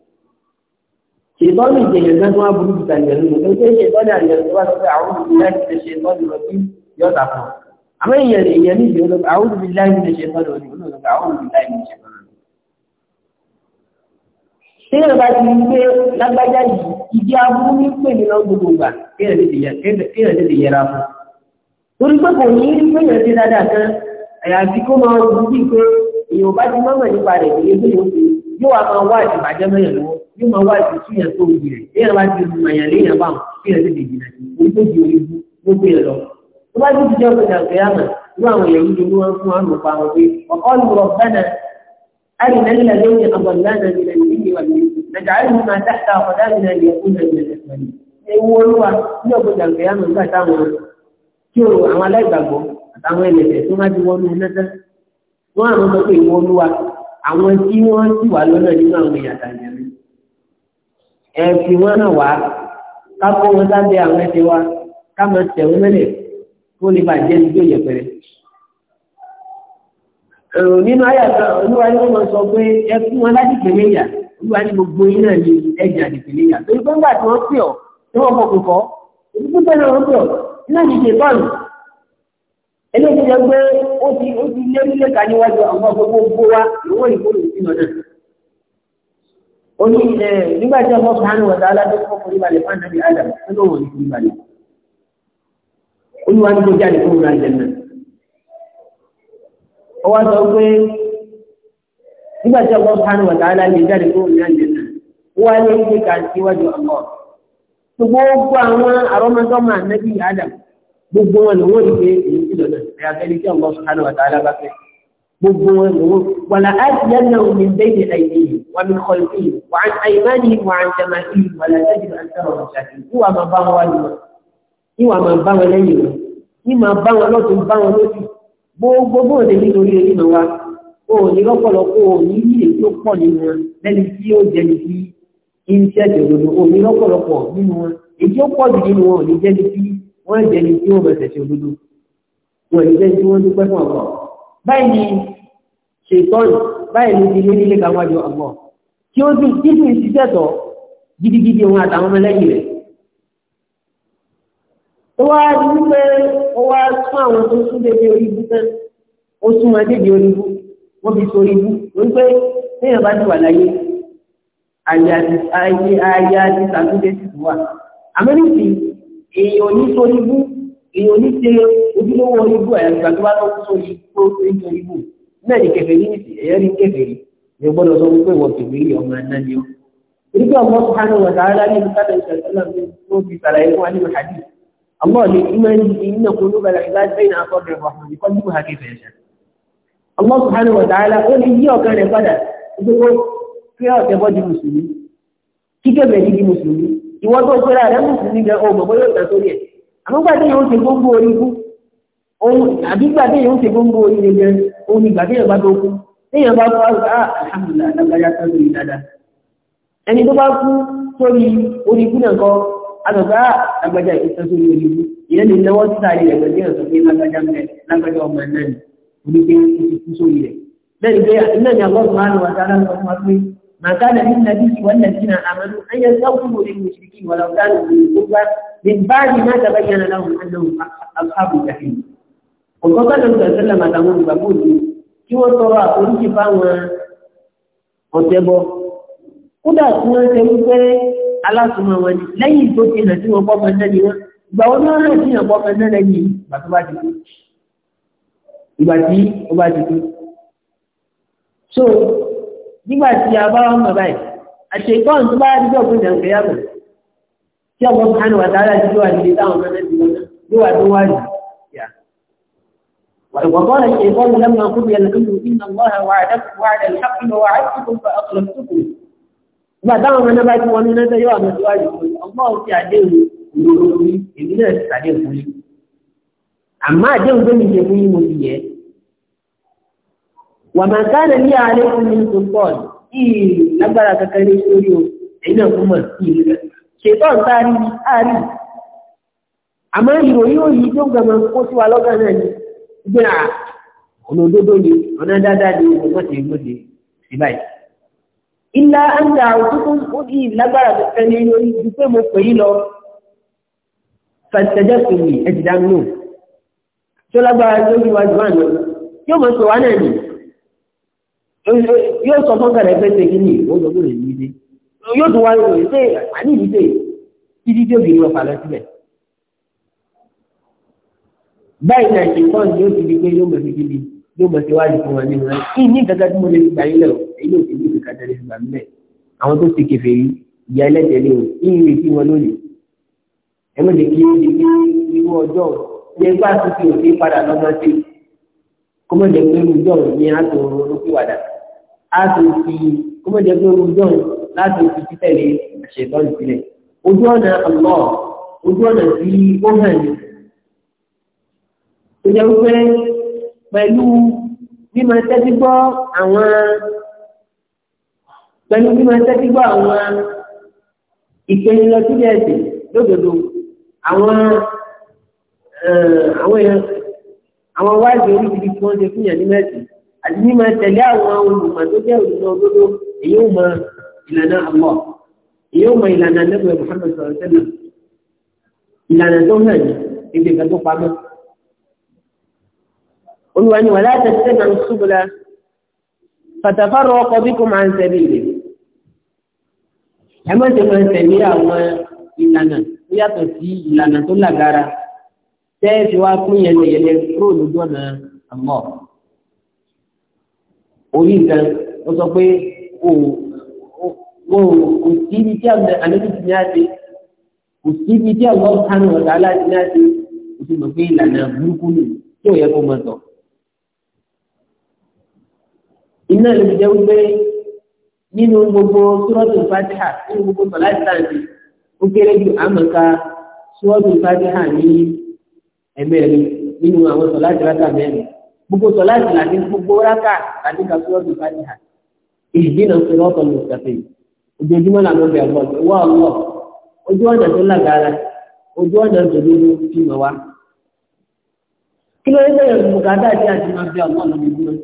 شيطان الجهازات ما بروز تنجلون كنت شيطان الجهازات أعوذ بالله من الشيطان الرجيم يضعفه أما يليد يقول أعوذ بالله من الشيطان الرجيم يقول أعوذ بالله من الشيطان الرجيم téèyàn bá ti ń gbé lágbájá yìí ìdí aburú ní pè ní lọ́gbogbo gbà kéèyàn tètè yẹra fún torí pé kò ní rí péyàn ti dáadáa kan àyàfi kó máa wù bí pé èèyàn bá ti mọ́mọ̀ nípa rẹ̀ kò yẹ pé yóò wá máa wá àtìbàjẹ́ mẹ́yàn lọ́wọ́ yóò máa wá ìtú sí yẹn tó ń jìnà bí yẹn bá ti mọ yẹn léyìn bá kí yẹn tètè jìnà sí ojú òjì orí bú ló gbé e lọ. tó bá ti jẹ́ ọ̀gbìn àgbẹ̀ yàrá irú àwọn èèyàn yìí ni wọ́n fún àwọn ọ̀pá wọn pé ọ̀kọ́ ni wọ́n bẹ́ẹ̀ أرنا الذين أضلانا من الجن والإنس نجعلهما تحت أقدامنا ليكونا من الأسفلين ewu olúwa ní ọgbọdà ìgbéyàmù nígbà táwọn tí o àwọn aláìgbàgbọ́ àtàwọn ẹlẹ́ṣẹ̀ tó má ti wọnú lẹsẹ wọn àwọn ọmọ pé ìwọ olúwa àwọn tí wọn ti wà lọ́nà nínú àwọn ìyàtà ìyàmù ẹ fi wọ́n waa, wá ká kó wọn sábẹ́ àwọn ẹsẹ̀ wa ká máa tẹ̀ wọ́n mẹ́lẹ̀ kó lè bàjẹ́ ní tó yẹpẹrẹ. èrò nínú àyàtọ̀ olúwa ni wọ́n máa sọ pé ẹ fún wọn láti gbogbo yín náà ní ẹ̀jẹ̀ àti torí pé tí wọ́n pè ọ́ tí wọ́n pè ọ́ iná ó ní nígbà tí ọmọ sàánù wọ̀tá aládùn fún forí balẹ̀ fún ànábì Adam ó lóun ní forí balẹ̀ olúwa ní kó jáde fún ìrìn àjẹ náà ó wá sọ pé nígbà ọmọ sàánù wọ̀tá aládùn fún ìrìn àjẹ náà ó wá lé ní ká gbogbo wọn wàlá àtìyànnà omi bẹ́ẹ̀ni àìyí wà mí kọ́ ìfì wà á àìmáni wà á jẹmà sí wàlá àtìyànnà àtàrà ọ̀ṣàdì ìwà máa bá wọn wáyé wọn ìwà máa bá wọn lẹ́yìn wọn ìmà bá wọn lọ́tún bá wọn lọ́tún gbogbo bóun lè nítorí orí mi wá o ò ní lọ́pọ̀lọpọ̀ o ní ilé tí ó pọ̀ nínú wọn lẹ́ni tí ó jẹni sí iṣẹ́ ìjọdọ̀dọ̀ o ní lọ́pọ̀lọpọ̀ nínú wọn èyí ó pọ̀ jù nínú wọn ò ní jẹni tí wọ́n jẹni tí ó bẹ̀sẹ̀ ṣe òdodo wọn ò ní jẹni wọ́n dúpẹ́ fún ọ̀pọ̀ báyìí ni ṣètọ́nù báyìí ló ti lé nílé káwájú ọgbọ́ tí ó sì tí kì í ṣiṣẹ́ tọ̀ gidigidi òun àtàwọn ọmọlẹ́yìn rẹ̀ ó wá rí wípé ó wá sún àwọn tó sún débi orí ibú tán ó sún wọn débi orí ibú wọ́n fi sórí ibú wípé téèyàn bá ti wà láyé ayé àti sàtúndé sì wà amẹ́ríkì èèyàn ní sórí ibú èèyàn ní ṣe ojúlówó orí ibú àyàgbà tó bá lọ́wọ́ sórí ibú tó ń sórí ibú náà ní kèfèrí nìsí ẹ̀yẹ́ rí kèfèrí ní gbọ́dọ̀ sọ wípé wọ́n kèfèrí ọmọ ẹ̀ná ni ó. Ìdíkẹ́ ọmọ Sùhánù wà sáárá ní ìbùkátà ìṣẹ̀lẹ̀ tó fi sàlàyé fún Alimu Hadi. Àmọ́ ní ìmọ̀ ní iná kúrú bẹ̀rẹ̀ ìlàjẹ́ ìnà àkọ́bẹ̀ wàhùn ní kọ́jú ha kẹfẹ́ ẹ̀ṣẹ̀. Àmọ́ Sùhánù wà sáárá ó ní yí ọmọ bóyá ìtàn sórí ohun àdúgbà tí èèyàn ti gbóngbó ilé jẹ ohun ìgbà tí èèyàn bá tó kú èèyàn bá kú àwọn àhàmùlà àdàgbàyà sọ́dọ̀ ìdàdà ẹni tó bá kú sórí oníkú náà kọ àgbàgbà àgbàjà ìfẹ́ sórí oníkú ìyẹn lè lọ́wọ́ sí ààrẹ rẹ̀ pẹ̀lú ẹ̀sọ́ pé lágbàjà mẹ́ lágbàjà ọmọ ẹ̀ náà ní pé ó ti kú sórí rẹ̀ bẹ́ẹ̀ ni wà sára ń sọ fún wa pé màkà nàbí nàbí ìwà nàbí nà àmàlú nǹkan bá lọ́sọ̀ ìṣẹ̀lẹ̀ màtàwọn ìgbàgbọ́ òní kí wọ́n tọrọ àforíjì fáwọn ọ̀tẹ́bọ kódà tí wọ́n ṣe wípé alásùnmọ̀ wọn ni lẹ́yìn tó ti hàn sí wọn pọ́ fẹ́ sẹ́ni wọn ìgbà wọn náà hàn sí hàn pọ́ fẹ́ sẹ́ni lẹ́yìn ìgbà tó bá ti kú ìgbà tí ó bá ti kú. so nígbà tí a bá wọn mọ̀ báyìí àṣẹ ìkọ́n tó bá dídí ọ̀gbìn náà kẹ́yà bọ̀ tí ọmọ kan wà tààrà dídí wà nílé táwọn mẹ́rin ti wọn náà yóò wà tó wá rí وقال الشيطان لما قضي الامر ان الله وعدكم وعد الحق ووعدتكم فاخلفتكم ما دام انا بقى وانا نادى يا مسواج الله في عدل ولولي اللي لا تعدل فيه اما عدل بني يبني موليه وما كان لي عليكم من سلطان إيه لبرا ككري سوريو إنا كما إيه شيطان تاري آري أما يرويو يجوغ من قوتي ولغانا gbé à ọ̀nà òdodo ni ọ̀nà dáadáa ni ọgbọ́n ti gbòde sí báyìí. ilá ń ta òkúkú ó ní ìlágbára tó fẹ́ ní lórí ju pé mo pè yí lọ fẹ̀tẹ̀jẹ́ sí mi ẹ ti dáná náà tí ó lágbára lórí wa jù wáyé yóò mọ̀ sí wa náà nì yóò sọ fún kàrẹ́ pé ṣe kí ó lọ bó lè yóò tún wáyé òye pé àní ìdíje ìdíje obìnrin ọ̀fà lọ sílẹ̀ báyìí náà ṣe kọ́ ni ó ti di pé yóò mọ̀ sí kíbi yóò mọ̀ sí wájú fún wọn nínú rẹ̀ kí ní gàgà tí mo lè gbà yín lẹ̀ o èyí ò sì ní ìkà tẹ̀lé fún bàmí bẹ́ẹ̀ àwọn tó ti kẹfẹ́ yìí ìyá ẹlẹ́tẹ̀ẹ́ lé o kí n retí wọn lónìí ẹ mọ̀ sí kí ó di pé irú ọjọ́ ṣe gbá tuntun òde padà lọ́mọ sí kó mọ̀ pé irú ọjọ́ ni a tó ronúpìwàdà a tó fi kó mọ̀ jẹ́ pé irú ọjọ́ láti fi títẹ̀lé àṣẹ ojú ọ̀nà àlọ́ ojú ọ̀nà tí ó hàn ní tó jẹ́ wípé pẹ̀lú bí máa tẹ́tí gbọ́ àwọn pẹ̀lú bí máa tẹ́tí gbọ́ àwọn ìpinnu lọ sílẹ̀ ẹ̀sìn lódodo àwọn eh, àwọn èèyàn àwọn wáìsì oríṣiríṣi wọn ṣe fún yàn ní mẹ́sì àti ní máa tẹ̀lé àwọn olùmọ̀ tó jẹ́ olùmọ̀ òdodo èyí ò mọ ìlànà àmọ́ èyí ò mọ ìlànà nẹ́gbẹ̀ẹ́ Muhammad sọ̀rọ̀ sẹ́lẹ̀ ìlànà tó hàn ní ibi tó pamọ́ olùwà ni wàlá tẹ̀sẹ̀ náà ṣubúlá fàtàfàrọ̀ ọkọ̀ bí kò máa ń tẹ̀lé rẹ̀ ẹ má ṣe máa ń tẹ̀lé àwọn ìlànà tó yàtọ̀ sí ìlànà tó lágara tẹ́ẹ̀fì wá fún yẹlẹyẹlẹ kúrò lójú ọ̀nà àmọ́ orí nǹkan ó sọ pé o kò sí ibi tí àlejò ní àti kò sí ibi tí àwọn ọ̀sán ọ̀dà aláàtì ní àti kò sí mọ̀ pé ìlànà burúkú ni tí ò yẹ kó mọ̀ sọ̀rọ̀ iná ló jẹ́ wípé nínú gbogbo súrọ́tù fatiha nínú gbogbo sọ̀láìsàǹdì ó kéré ju àmọ̀ká súrọ́tù fatiha ní ẹ̀mẹ́rin nínú àwọn sọ̀láìsì rákà mẹ́rin gbogbo sọ̀láìsì láti gbogbo rákà láti ka súrọ́tù fatiha ìdínà sọ̀rọ̀tọ̀ mustaqim ojoojúmọ́ làwọn bẹ̀rẹ̀ bọ̀ wá ọ̀lọ́ ojú ọ̀nà tó lágara ojú ọ̀nà tó lórí fi mọ̀ wá kí ló ń bẹ̀rẹ̀ bùkátà tí a máa bẹ ọ̀lọ́ lójoojúmọ́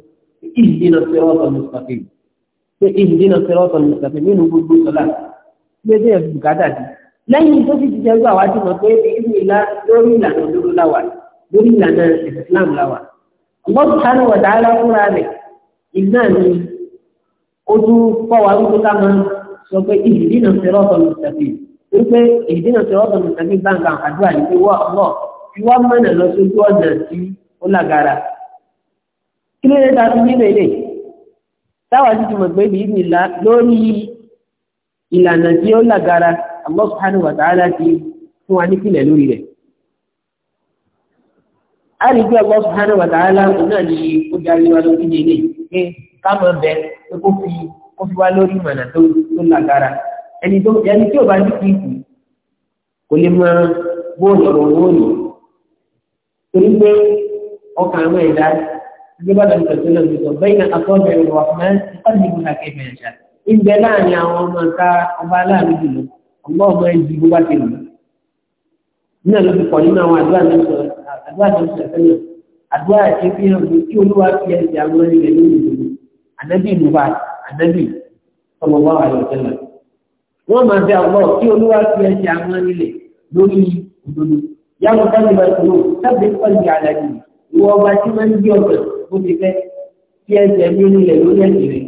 ìdínà sẹ́rọ̀tọ̀ mustaqim pé ìdínà sẹ́rọ̀tọ̀ mustaqim nínú gbogbo sọ́lá pé bí ẹ̀ bùkátà sí lẹ́yìn tó ti jẹ́ gbà wá ti mọ̀ pé ibi ìlà lórí ìlànà olóró láwà lórí ìlànà Islam láwà ọgbọ́n sáré wà dáadáa fúnra rẹ̀ ìgbà ni ó tún kọ́ wa wípé ká máa sọ pé ìdínà sẹ́rọ̀tọ̀ mustaqim wípé ìdínà sẹ́rọ̀tọ̀ mustaqim gbàǹgbà àdúrà yìí wọ́n fi wá mọ̀nà lọ sójú ọ̀nà tí ó lágara kí ló lè ta sí nílò ilé táwa ti mọ̀ pé bí ìnìlá lórí ìlànà tí ó lágara Allah subhanahu ti fún wa nípìnlẹ̀ lórí rẹ̀ a rí pé Allah subhanahu náà ni ó darí wa lórí ilé pé bẹ pé kó fi kó fi wá lórí ìmọ̀nà tó lágara ẹni tó جبل المسلم بين أصابع الرحمن يقلبها كيف يشاء إن بلاني وما كان وبلا مثله اللهم يجيب واتنا من الذي قلنا وأدواء نفسه أدواء نفسه أدواء كيفية كل واحد يعمل يمين النبي مبارك النبي صلى الله عليه وسلم وما في الله كل واحد يعمل يمين لوني يا مقلب القلوب ثبت قلبي على دينك وما تمنى يوم bó ti fẹ́ kí ẹsẹ̀ mi nílẹ̀ lórí ẹ̀sìn rẹ̀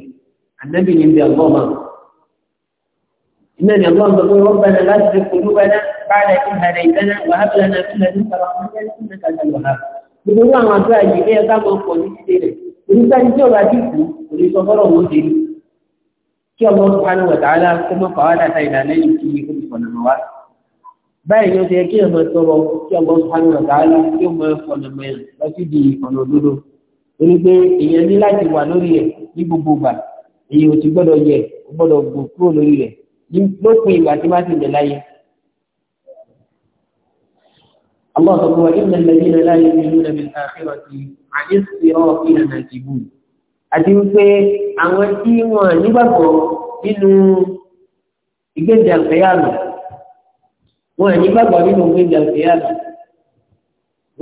ànábì ní bí ọgbọ́n ma. إنني الله يقول ربنا لا تزغ قلوبنا بعد إذ هديتنا وهب لنا من لدنك رحمة إنك أنت الوهاب. Gbogbo àwọn àgbà yìí ní ẹ̀ka máa ń pọ̀ ní títí rẹ̀. Oníṣẹ́ni tí ọba dìbò kò lè sọ fọ́rọ̀ wọn dé. Kí ọmọ Sùpánù Wàtàlá kó mọ́ fàwọn àdàtà ìdálẹ́yìn kí ó ti fọ̀nà mọ́ wá. Báyìí ló ṣe kí ọmọ sọ̀rọ̀ kí ọmọ Sùpánù Wàtàlá kí ó mọ ẹ̀fọ̀nà lọ sí di ọ̀nà òdodo torí pé èèyàn ní láti wà lórí ẹ̀ ní gbogbo ìgbà èèyàn ò ti gbọ́dọ̀ yẹ ò gbọ́dọ̀ gùn kúrò lórí rẹ̀ lópin ìgbà tí wọ́n ti lè láyé. الله سبحانه إن الذين لا يؤمنون بالآخرة عن الصراط لناكبون àti wípé àwọn tí wọn nígbàgbọ́ nínú ìgbéjà ìfẹ́yàmù wọn nígbàgbọ́ nínú ìgbéjà ìfẹ́yàmù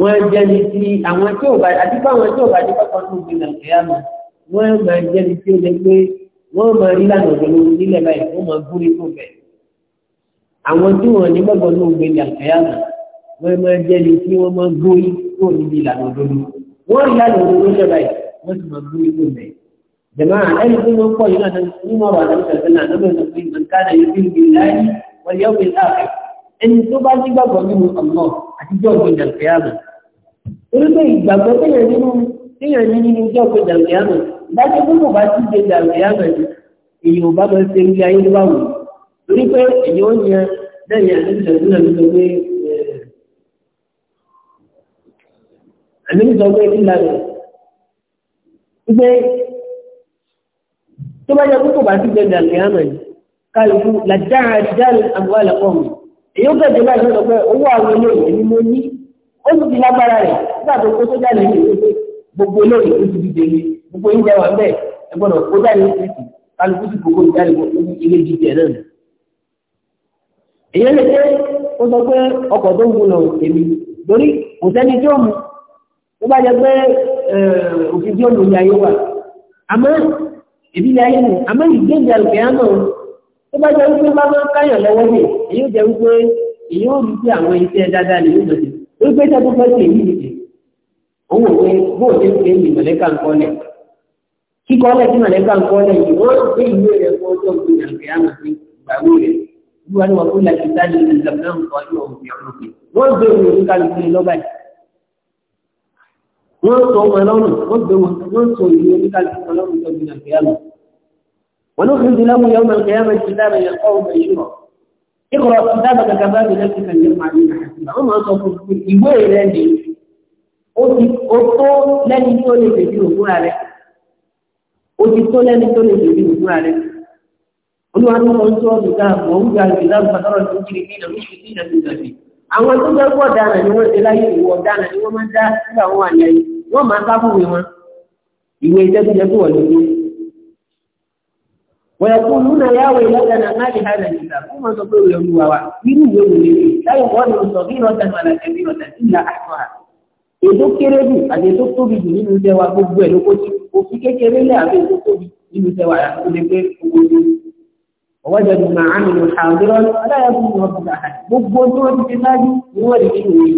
wọ́n jẹ́ ní ti àwọn tí ò bá àti fáwọn tí ò bá dípẹ́ kan tó gbin nàìjíríà mọ̀ wọ́n máa jẹ́ ní tí ó lè pé wọ́n máa rí lànà òjòló nílẹ̀ báyìí wọ́n máa gúrí tó bẹ̀. àwọn tí wọ́n ní gbọ́gbọ́n tó gbin nàìjíríà mọ̀ wọ́n máa jẹ́ ní tí wọ́n máa gúrí tó níbi lànà òjòló wọ́n rí lànà òjòló lẹ̀ báyìí wọ́n sì máa gúrí tó bẹ̀. jẹ̀mọ́ ẹni tí wọ́n pọ̀ yìí náà ní mọ̀ wà lọ́sọ̀ọ́sẹ̀ náà orílẹ̀ ìgbàgbọ́ téèyàn nínú téèyàn ní nínú ìjọ pé jàǹdíàmù ìdájọ́ tó kò bá ti ṣe jàǹdíàmù èyí ò bá bẹ ṣe ilé ayé ló bá wù torí pé èyí ó yan lẹ́yìn àdébìsọ̀ tó náà nítorí pé àdébìsọ̀ pé ìlà rẹ̀ wípé tó bá yẹ kókò bá ti ṣe jàǹdíàmù kálukú làjára jáde àbúrò àlàkọ́ mi èyí ó bẹ̀rẹ̀ báyìí lọ́dọ̀ pé owó àwọn ilé ìwé ni mo ní ó sì ti lágbára rẹ̀ nígbà tó kó sójà lè ní ìwé gbogbo eléyìí tó ti dìde ní gbogbo yín jẹun bẹ́ẹ̀ kó jáde ní kálukú sì gbogbo ìjáde ilé jíjẹ náà èyí lè ó sọ pé ọkọ̀ tó ń gun lọ èmi lórí kò sẹ́ni tí ó bá jẹ pé eh, òfin tí ó lò ní ayé wa àmọ́ èmi ní ayé mi àmọ́ bá jẹ wípé owó pé bóò ṣe ń pè ní mọ̀lẹ́kà ń kọ́lẹ̀ kíkọ́lẹ̀ tí mọ̀lẹ́kà ń kọ́lẹ̀ yìí ó gbé ìwé rẹ̀ fún ọjọ́ ògbìn àgbẹ̀ àmọ̀ sí ìgbàwó rẹ̀ wíwá ní wọn kó la ti ní ìjàmbá ń kọ́ ìwọ̀n òfin ọ̀rọ̀ pé wọ́n gbé ìwé orí kálukú ní lọ́gbà yìí wọ́n sọ ọmọ lọ́rùn wọ́n gbé wọn wọ́n sọ ìwé orí kálukú lọ́rùn tó gbìn àgbẹ̀ àmọ̀ wọn ó fi dìlá mu yọmọ kẹyàmọ ti dára yẹn kọ́ ọmọ yìí rọ ikọ̀rọ̀ ti dábàá kàkàbá mi lẹ́sìn kan yẹn máa ní àhàtìmá wọ́n máa sọ fún ìwé rẹ̀ nìyí ó ti ó tó lẹ́ni tó lè bèbí òwúrà rẹ̀ ó ti tó lẹ́ni tó lè bèbí òwúrà rẹ̀ olúwa tó lọ sí ọdún dáa mọ̀ ń gba ìgbìlá ìfàtọ́rọ̀ tó kiri ní ìdàgbé ìṣe sí ìdàgbé ìdàgbé àwọn tó fẹ́ pọ̀ dáná ni wọ́n ṣe láyé ìwọ dáná ni wọ́n máa ń dá sílẹ̀ àwọn àyà yìí wọ́n máa ká fún wọn ìwé ìtẹ́kùjẹ́ tó wọ̀ lójú ويقولون يا ويلتنا ما لهذا الكتاب وما تقول يوم ووا من ولا كبيرة إلا أحصاها èdò kéré jù àti èdò tóbi jù nínú iṣẹ́ gbogbo ẹ̀ ló kó sí kékeré lẹ́ àti èdò tóbi nínú iṣẹ́ wa àti lè gbé gbogbo ọwọ́ jẹ́ ìgbìmọ̀ àmì ló ṣàn bí aláya fún gbogbo tí wọ́n ti fi ni wọ́n lè yìí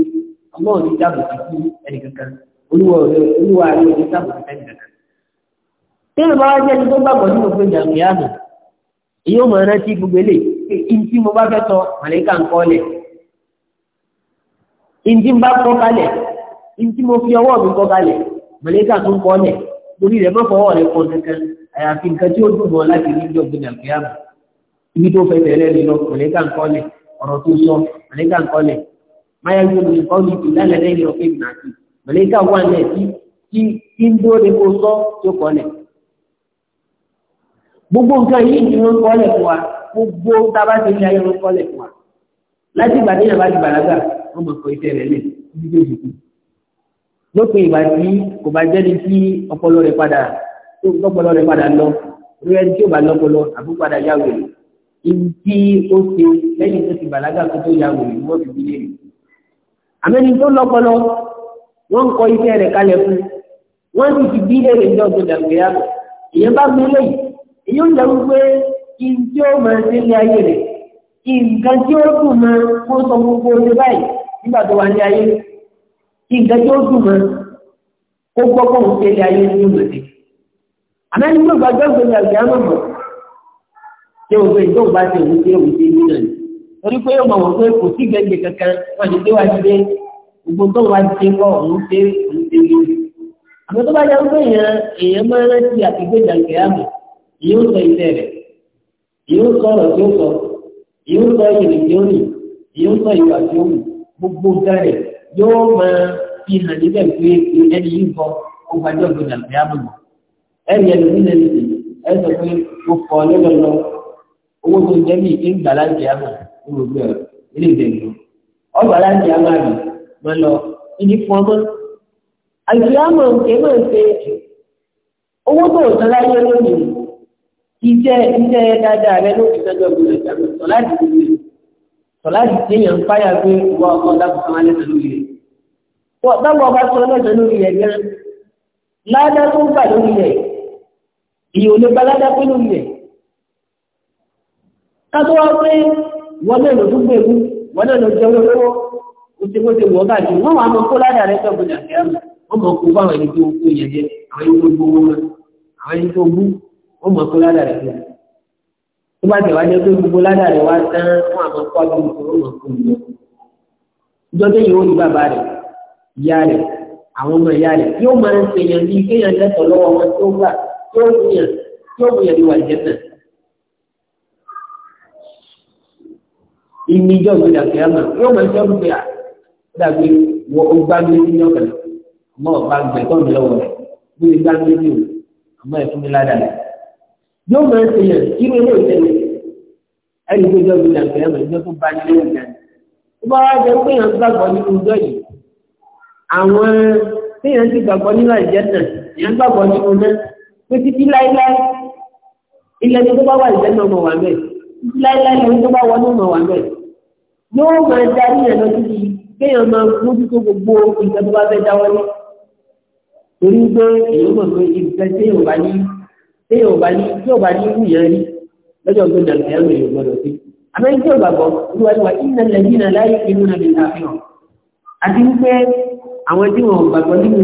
ọmọ òní sí tí mo fi ọwọ́ mi kọ́ balẹ̀ mọ̀lẹ́kà tó ń kọ́ lẹ̀ lórí rẹ̀ mọ́ fọwọ́ rẹ̀ kọ́ kankan àyàfi nǹkan tí ó dùn mọ́ láti ní ìjọ gbìyànjú àgbéyàmù ibi tó fẹsẹ̀ rẹ̀ lọ mọ̀lẹ́kà ń kọ́ lẹ̀ ọ̀rọ̀ tó sọ mọ̀lẹ́kà ń kọ́ lẹ̀ máyà ń gbọ́dọ̀ nǹkan ní ìlànà lẹ́yìn ọ̀fẹ́ ìgbìyànjú mọ̀lẹ́kà wà lẹ̀ tí tí ń dóore ni wọ́n kọ́ láti ìgbà tí yàrá ti bàlágà wọ́n mọ̀ kọ́ iṣẹ́ rẹ̀ lẹ̀ ìdíje ìdíje lópin ìgbà tí kò bá jẹ́ni tí ọpọlọ rẹ̀ padà tó lọ́pọlọ rẹ̀ padà lọ lóyẹ tí ó bá lọ́pọlọ àbú padà yá wèrè ibi tí ó ṣe lẹ́yìn tó ti bàlágà tó tó yá wèrè ni wọ́n fi bí léèrè. àmẹ́ni tó lọ́pọlọ wọ́n ń kọ iṣẹ́ rẹ̀ kalẹ̀ fún wọ́n sì ti bí léèrè ní ọ̀gbìn dàgbéyà èèyàn bá gbé lẹ́yìn èyí ó ń dàrú pé kí n tí ó máa ṣe ní ayé rẹ̀ kí nǹkan tí ó dùn máa kó sọ gbogbo ọdẹ báyìí nígbà tó wà ní ayé rẹ̀ kí nǹkan tó dùn mọ́ ó gbọ́ pọ̀ ń tẹ́lẹ̀ ayé ní ìmọ̀lẹ́. àmẹ́ni tó gbàgbọ́ ìgbẹ́ni àgbẹ̀ àmọ̀mọ̀ ṣé o gbé ìjọba bá ṣe òun ṣe òun ṣe ní torí pé ọmọ wọn pé kò sí gẹ́gẹ́ kankan wọn ti dé wá dé gbogbo tó wá ti kọ́ òun ṣe òun ṣe ní àmọ́ tó bá yẹ pé èèyàn èèyàn máa rántí àtìgbèjà àgbẹ̀ àmọ̀ yóò sọ iṣẹ́ rẹ̀ yóò sọ̀rọ̀ tí ó sọ yóò sọ ìrìn yóò máa fi hàn níbẹ̀ pé ẹni yìí bọ ó gbàjọ́ ìgbìyànjú àti àbùkù ẹ̀rí ẹlòmí lè lè ẹ sọ pé mo fọ lọ́dọ̀ lọ owó tó ń jẹ́ mi kí n gbà láti àmà ní gbogbo ẹ̀ ilé ìgbẹ̀yìn lọ ọgbà láti àmà rẹ̀ mọ lọ ìdí fún ọmọ àti àmà òkè máa ń ṣe owó tó ń sọlá yẹ lónìí iṣẹ́ iṣẹ́ dáadáa rẹ ló fi sọ́jọ́ gbogbo ìjàmbá sọ̀láàdì gbogbo sọ̀láàdì téèyàn fáyà pé wọ́n ọkọ̀ dákùnkàn alẹ́ pẹ̀lú rẹ̀ wọ́n táwọn ọba sọ lọ́sọ̀ lórí rẹ̀ gan ládá tó ń gbà lórí rẹ̀ ìyò lè gba ládá pé lórí rẹ̀ ká tó wá pé wọ́n náà lọ tún gbèrú wọ́n náà lọ jẹun lọ́wọ́ ó ti kó ti wọ́ bàjẹ́ wọ́n wà á mọ kó ládá rẹ̀ tó gbọdọ̀ kí wọ́n mọ̀ kó báwọn ẹni tó kó yẹn jẹ àwọn ẹni tó gbówó wọn àwọn ẹni tó gbú wọ́n mọ̀ kó ládá rẹ̀ tó tó bá tẹ̀ wá jẹ́ pé ìyá rẹ̀ àwọn ọmọ ìyá rẹ̀ yóò máa ń pè yàn ní kéèyàn lẹ́tọ̀ọ́ lọ́wọ́ wọn tó gbà tó yàn tó yàn ní wàjẹ́ náà. ìní ìjọ ìgbé dàgbé àmà yóò máa jẹ́ wípé à dàgbé wọ ọgbà mi ní ọ̀gá àmọ́ ọ̀gá gbẹ̀ tọ́ mi lọ́wọ́ rẹ̀ bí mi gbá mi ní o àmọ́ ẹ̀ fún mi ládàá rẹ̀. yóò máa ń pè kí ló lè tẹ̀lé ẹni tó jọ ìgbé dàgbé àmà ìjọ tó bá ní lẹ́yìn àwọn tíyàn ti gbàgbọ́ nínú àìjẹ́nà èyàn gbàgbọ́ nínú náà pé títí láíláí ilẹ̀ tó bá wà ìjẹ́nà ọmọ wà mẹ́ títí láíláí lẹ́yìn tó bá wọnú ọmọ wà mẹ́ yóò máa darí ẹ̀ lọ síbi kéèyàn máa mójútó gbogbo ìjọ tó bá fẹ́ dáwọ́ ní torí pé èyàn mọ̀ pé ìfẹ́ téèyàn bá ní téèyàn bá ní tí ò bá ní wù yẹn rí lọ́jọ́ tó dàgbà yẹn lè gbọdọ̀ sí àmọ́ àwọn tí wọn gbàgbọ́ nínú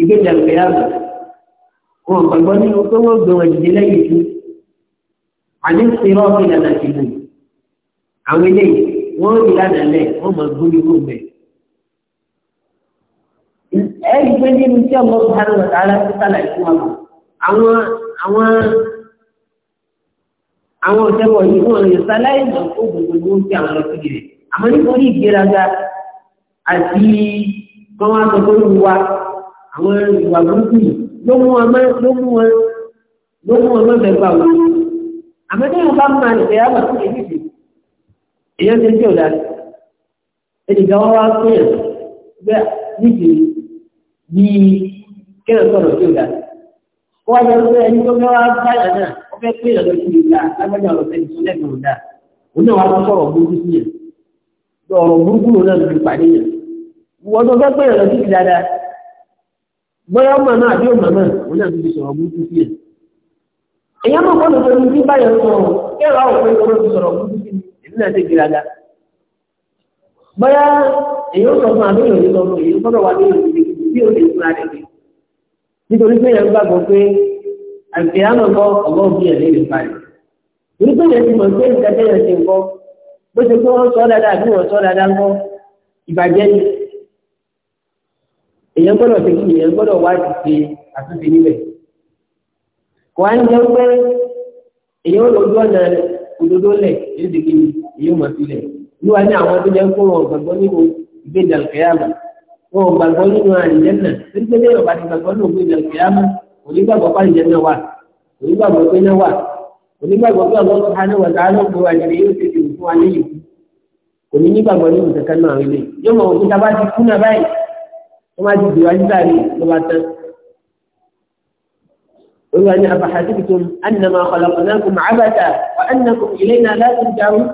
ìgbéjà ìgbéyàwó wọn gbàgbọ́ nínú pé wọ́n gbé wọn dìde lẹ́yìn ìlú àní ìṣirọ́ ọ̀gbìn lànà ìlú àwọn eléyìí wọ́n rí lánàá lẹ̀ wọ́n mọ̀ gbóni kó bẹ̀. ẹ̀rí pé nínú tí ọmọ sáré wọn sára sí sálàyé fún wa àwọn àwọn àwọn ọ̀sẹ̀ wọ̀nyí wọn lè sálàyé lọ fún gbogbo ní oúnjẹ àwọn ọlọ́sìn rẹ̀ àmọ́ nítorí ìgbéraga àti kọ́ wá sọ pé ìwà àwọn ìwà burúkú ló mú wọn ló mú wọn ló mú wọn lọ́bẹ̀ẹ́ gbà wọn. àmọ́ tí ń tẹ̀yà wà sí èdè wá wá pé ẹ̀ bẹ́ẹ̀ níbi kẹ́rẹ̀ sọ̀rọ̀ tí ò wọ́n á yẹ ẹni tó fẹ́ wá báyà náà wọ́n fẹ́ pé ìrọ̀lẹ́ sí ìgbà lágbájá ọ̀rọ̀ tó ọ̀rọ̀ burúkú náà ló fi pàdé yẹn wọ́n tó fẹ́ pé ẹ̀rọ títí dáadáa bóyá ọmọ náà àbí ọmọ náà òun náà fi sọ̀rọ̀ burúkú sí ẹ̀ èyàn mọ̀ kọ́nà tó ní bí báyọ̀ sọ̀rọ̀ kẹ́rọ àwọn òfin tó fi sọ̀rọ̀ burúkú sí èmi náà ti gbéraga bóyá èyàn sọ fún àbí òní sọ fún èyàn kọ́nà wà ní òní bí ó lè fún àrẹ nítorí pé èyàn gbàgbọ́ pé bó ṣe pé wọ́n sọ dáadáa bí wọ́n sọ dáadáa ń kọ́ ìbàjẹ́ ni èèyàn gbọ́dọ̀ ṣe kí èèyàn gbọ́dọ̀ wá ti ṣe àtúnṣe níbẹ̀ kò á ń jẹ́ pé èèyàn lójú ọ̀nà òdodo lẹ̀ èdè kìíní èèyàn mọ̀ sílẹ̀ níwá ní àwọn tó jẹ́ kó wọn gbàgbọ́ nínú ìgbéjà kẹyàmà wọn gbàgbọ́ nínú àìjẹ́nà nígbẹ́lẹ́ ọ̀bá ti gbàgbọ́ nínú ìgbéjà kẹyàmà onígbàgbọ́ pàìjẹ́ náà wà onígbàgbọ́ pé náà wà onígbàgbọ́ pé ọlọ́run sáré wà láàárọ̀ pé wà lẹ́yìn yóò tètè fún wa lẹ́yìn kò ní nígbàgbọ́ ní ìwòsàn kan náà ilé yóò mọ̀ òkúta bá ti kú náà báyìí wọ́n máa ti dè wájú sáré ló bá tán. olùwà ní afahasibitum annama khalaqnakum abata wa annakum ilayna la turja'un.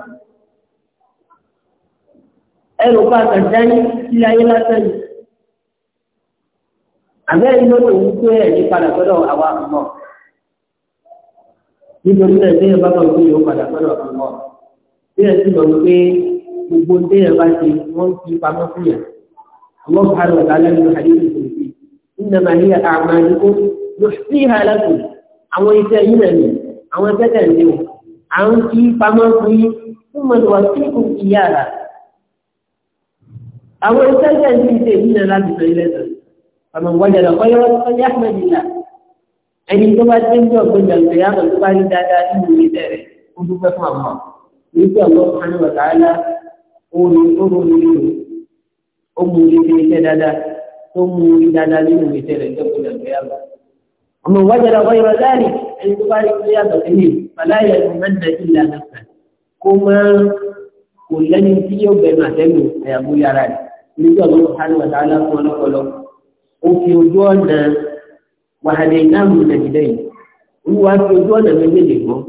ẹ rò pa àkàndání sílé ayé lásán ni. àbẹ́rẹ́ ní ó lè wú pé ẹ̀ nítorí náà tí yẹn bá bá wípé yóò padà sọ́dọ̀ fún ọ tí yẹn sì mọ̀ wípé gbogbo tí yẹn bá ṣe wọ́n fi pamọ́ fún yẹn àwọn bàrẹ̀ wà lálẹ́ nínú àdéhùn ìṣòwò ìnàmà ní àmà nígbó lòsí ìhàlẹ́kùn àwọn iṣẹ́ yìí nà ní àwọn ẹgbẹ́ tẹ̀ ní o à ń fi pamọ́ fún yín fún mọ̀ lọ́wọ́ sí ìkùn ìyá rà àwọn iṣẹ́ tẹ̀ ní ìṣe yìí láti sọ ilẹ̀ sọ ẹni tó bá dé ní ọ̀gbọ́n ìjọba yàtọ̀ tó bá rí dáadáa nínú ilé bẹ̀rẹ̀ ó dúpẹ́ fún àmọ́ ní pé ọ̀gbọ́n kan ní ọ̀tá ńlá oòrùn oòrùn nínú ó mú ilé fi iṣẹ́ dáadáa tó mú ilé dáadáa nínú ilé rẹ̀ tó kọjá ìgbé yàtọ̀. ọmọ ìwádìí ọ̀gbọ́n ìrọ̀ láàrì ẹni tó bá rí tó yàtọ̀ sí ní fàlàyé ìmọ̀lẹ́ ìlà nàkà kó máa kò lẹ́ni tí yóò bẹ̀rù àtẹ́nu àyàbó yàrá rẹ̀ wàhálà ìdáhùn nàìjíríà yìí olúwa fi ojú ọ̀nà méjèèjì mọ́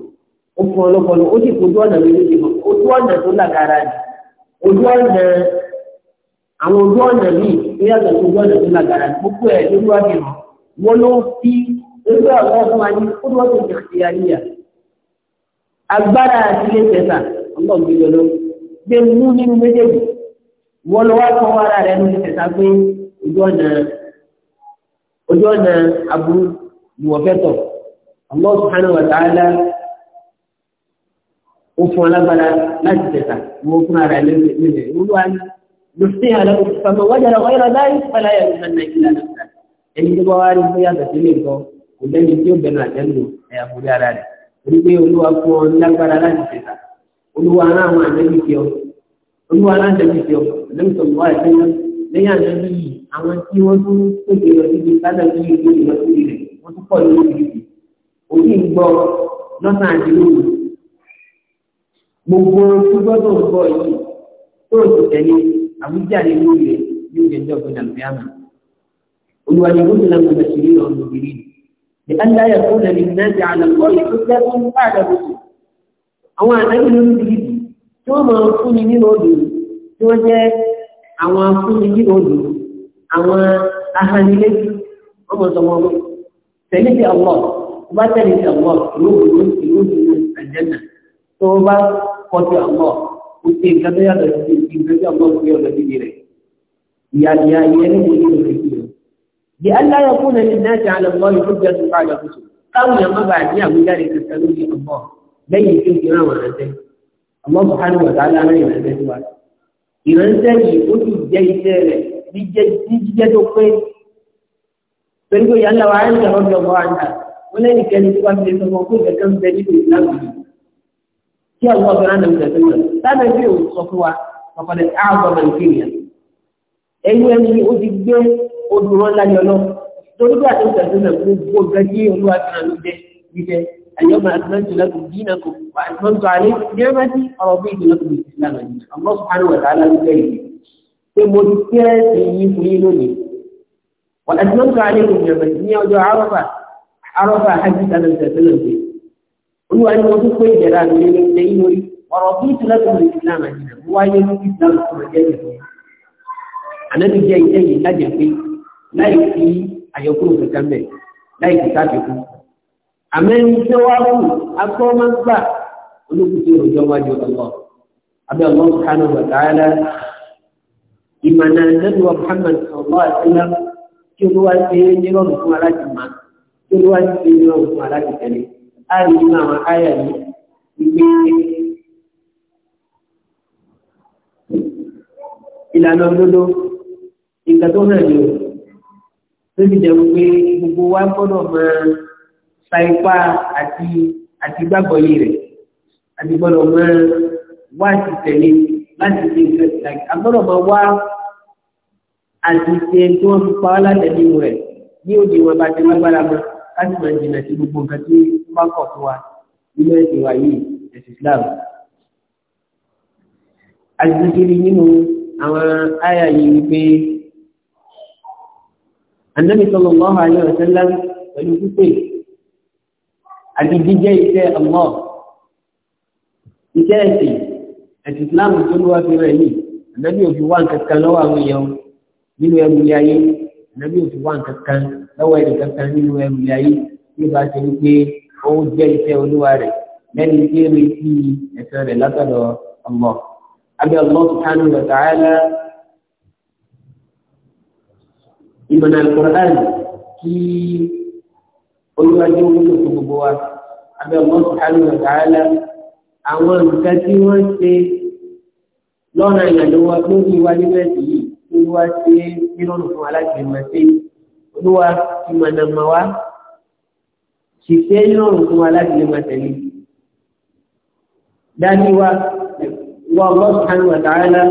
ó fún ọlọ́pọlọ ó sì fojú ọ̀nà méjèèjì mọ́ ojú ọ̀nà tó lágara ni ojú ọ̀nà àwọn ojú ọ̀nà míì tó yàtọ̀ sí ojú ọ̀nà tó lágara ni gbogbo ẹ̀ lórí wa fi hàn wọ́n ló fi ojú ọ̀nà fún wa ní kó ló ti tẹ̀sí àríyá agbára àtìlẹ́ tẹ̀sà ọlọ́gbìn lọ́lọ́ gbé mú nínú ojú ọ̀nà aburú ni wọ́n fẹ́ tọ̀ Allah subhanahu wa ta'ala ó fún alágbára láti tẹ̀ta wọ́n fún ara lẹ́lẹ̀ olúwa ni lùsìn àlọ́ fàmọ́ wájà lọ ọ̀yọ́ lọ́dá ìfọ̀lá yẹn lọ́dá nàìjíríà lọ́dá ẹni tó bá wá rí bóyá àtàtì lè gbọ́ kò lẹ́ni tí ó bẹ̀rù àjẹ́lò ẹ̀yà kò ara rẹ̀ torí pé olúwa fún ọ lágbára láti tẹ̀ta olúwa aráàwọn àjẹ́bí fi ọ olúwa aráàjẹ́bí fi ọ lẹ́mìtọ̀ lẹ́yìn àná yìí àwọn tí wọ́n tún tóbi lọ síbi sábà tó yẹ tóbi lọ síbi rẹ̀ wọ́n tún pọ̀ ní oríṣiríṣi òbí ń gbọ́ lọ́sàn án àti lóru gbogbo gbígbọ́dọ̀ ń bọ̀ yìí tó o sì tẹ̀lé àwùjáde lórí rẹ̀ yóò jẹ́ ìjọba ìdàgbéyàmà olùwàlẹ̀ ìwé ìlànà ìbẹ̀sìrì ọ̀nà òbí لئلا يكون للناس على الله حجة بعد الرسل àwọn àtàkùn lórí ti tí wọ́n máa fún ni nínú odò tí wọ́n jẹ́ àwọn afúnni ní olù àwọn ahanilétí ọmọ sọmọ ọmọ tẹ̀lé ti ọwọ́ tó bá tẹ̀lé ti ọwọ́ ìlú òdòdó ìlú òdòdó àjẹ́nà tó bá kọ́ ti ọwọ́ kò sí nǹkan tó yàtọ̀ sí ìgbẹ́ tí ọwọ́ fi ọ̀dọ̀ síbi rẹ̀ ìyàdìyà ìyẹn ní mo nílò rẹ̀ sí o. bí aláyọ̀ fún ẹni náà ti àlọ́ mọ́ ìlú jẹ́ tó báyọ̀ tó káwọn èèyàn má bàa ní àwíjáde kankan lórí ọwọ́ lẹ́yìn tó ń gbé àwọn àrẹ́sẹ́ ọmọ bùhárì wà ìránṣẹ́ yìí ó sì jẹ́ iṣẹ́ rẹ̀ ní jíjẹ́ tó pé pẹ̀lú pé yàrá wa ń sọ̀rọ̀ bí ọmọ àná wọn lẹ́yìn kẹ́ni tó bá fi lè sọmọ kó ìgbẹ́kẹ́ ń bẹ nínú ìlànà yìí kí àwọn ọmọ náà ń tẹ̀sí lọ lábẹ́ bí òun sọ fún wa ọ̀pọ̀lọpọ̀ àwọn nàìjíríà ẹ̀yìn ẹni ó ti gbé odò wọn lálẹ́ ọlọ́ torí bí àti ń tẹ̀sí lọ gbogbo gẹ́gẹ́ olúwa ti rà ló jẹ́ jíjẹ́ اليوم أكملت لكم دينكم وأتممت عليكم نعمتي ورضيت لكم الإسلام دينا الله سبحانه وتعالى يقول pé mo ti kí ẹ̀sìn yìí fún yín lónìí. Wọ́n ti lọ́n ká alẹ́ ìrìn àmì ní ọjọ́ arọ́fà arọ́fà hajj sanu sẹ́sẹ́lẹ̀ ṣe. Olúwa ni mo tún pé ìjẹ̀rà mi ní ilé yín lórí. Ọ̀rọ̀ bí ìtura tó àyọkúrò kankan bẹ̀ láì fi àmẹ́rin tí wá wù akọ́ máa ń gbà olókùtì òjò wájú ọlọ́ abẹ́ ọlọ́ kánú wàtàálá ìmọ̀nà nẹ́bí wa Muhammad ọlọ́ àtìlá tí olúwa ti ṣe nírọ̀rùn fún aláàjì má tí olúwa ti ṣe nírọ̀rùn fún aláàjì tẹ̀lé ààrùn nínú àwọn àyà yìí ìgbé ìlànà òdodo ìgbà tó hàn ní o tó ti jẹ́ pé gbogbo wa gbọ́dọ̀ máa ta ipá àti àti gbàgbọ́ yìí rẹ̀ àti gbọ́dọ̀ máa wá ti tẹ̀lé láti ṣe ìfẹ́ àgbọ́dọ̀ máa wá àti ṣe tí wọ́n fi pa wá látẹ̀lé rẹ̀ ní òde wọn bá ti lágbára mọ́ láti máa jìnà sí gbogbo nǹkan tí wọ́n bá kọ̀ fún wa nínú ẹ̀sìn wa yìí ẹ̀sìn Islam. àtìsíkiri nínú àwọn àyà yìí wípé Ànábì sallallahu alaihi wasallam pẹ̀lú pípé àti jíjẹ́ iṣẹ́ ọmọ iṣẹ́ ẹ̀sìn ẹ̀sìn Islam tó ló wá fi rẹ̀ yìí ànábì òfin wá nǹkan kan lọ́wọ́ àwọn èèyàn nínú ẹrù ilé ayé ànábì òfin wá nǹkan kan lọ́wọ́ ẹ̀rù kankan nínú ẹrù ilé ayé bí ìbá ṣe ń pé ó jẹ́ iṣẹ́ olúwa rẹ̀ lẹ́ni tí ó retí ẹ̀sẹ̀ rẹ̀ látọ̀dọ̀ ọmọ abẹ́ ọmọ sùkánù ọ̀tá ẹ̀lá ìmọ̀nà al kí olùwàjú wúlò fún gbogbo wa abẹ́ ọgbọ́n sàlù ọ̀tàálà àwọn nǹkan tí wọ́n ṣe lọ́nà ìyàlówó lórí wa níbẹ̀ sí yìí olúwa ṣe nírọ̀rùn fún alágbèémọ̀ sí olúwa ìmọ̀nàmọ̀ wa sì ṣe nírọ̀rùn fún alágbèémọ̀ tẹ̀lé dání wa wọ ọgbọ́n sàlù ọ̀tàálà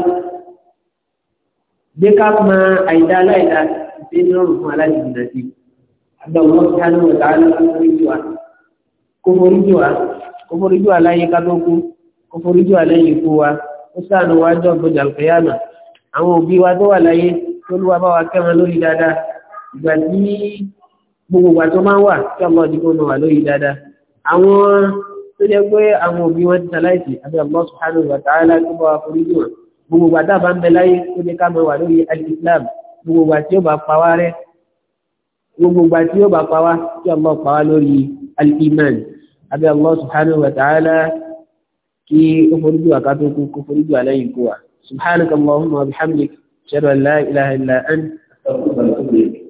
gbé ká mọ àìdá aláìdá ṣe nírọ̀rùn fún alágbèémọ̀ sí àbẹ̀ wọn sáré wọn dáná kó forí jù wá kó forí jù wá kó forí jù wá láyé ká tó kú kó forí jù wá lẹ́yìn ikú wa ó sànù wá jọ gbọdọ̀ àlùkìyàmà àwọn òbí wa tó wà láyé tó lù wá bá wa kẹ́ wọn lórí dáadáa ìgbà tí gbogbo ìgbà tó máa wà kí ọmọ ọdún kó wà lórí dáadáa àwọn tó jẹ́ Allah subhanahu wa ta'ala tó bá wa forí jù wọn gbogbo ìgbà tá a bá islam gbogbo ìgbà tí ó gbogbo ìgbà tí yóò bá pa wá tí Allah pa wá lórí al-iman àbí Allah subhanahu wa ta'ala kí ó foríjì wà kó foríjì wà lẹ́yìn kú wa subhanaka Allahumma wa bihamdik shadu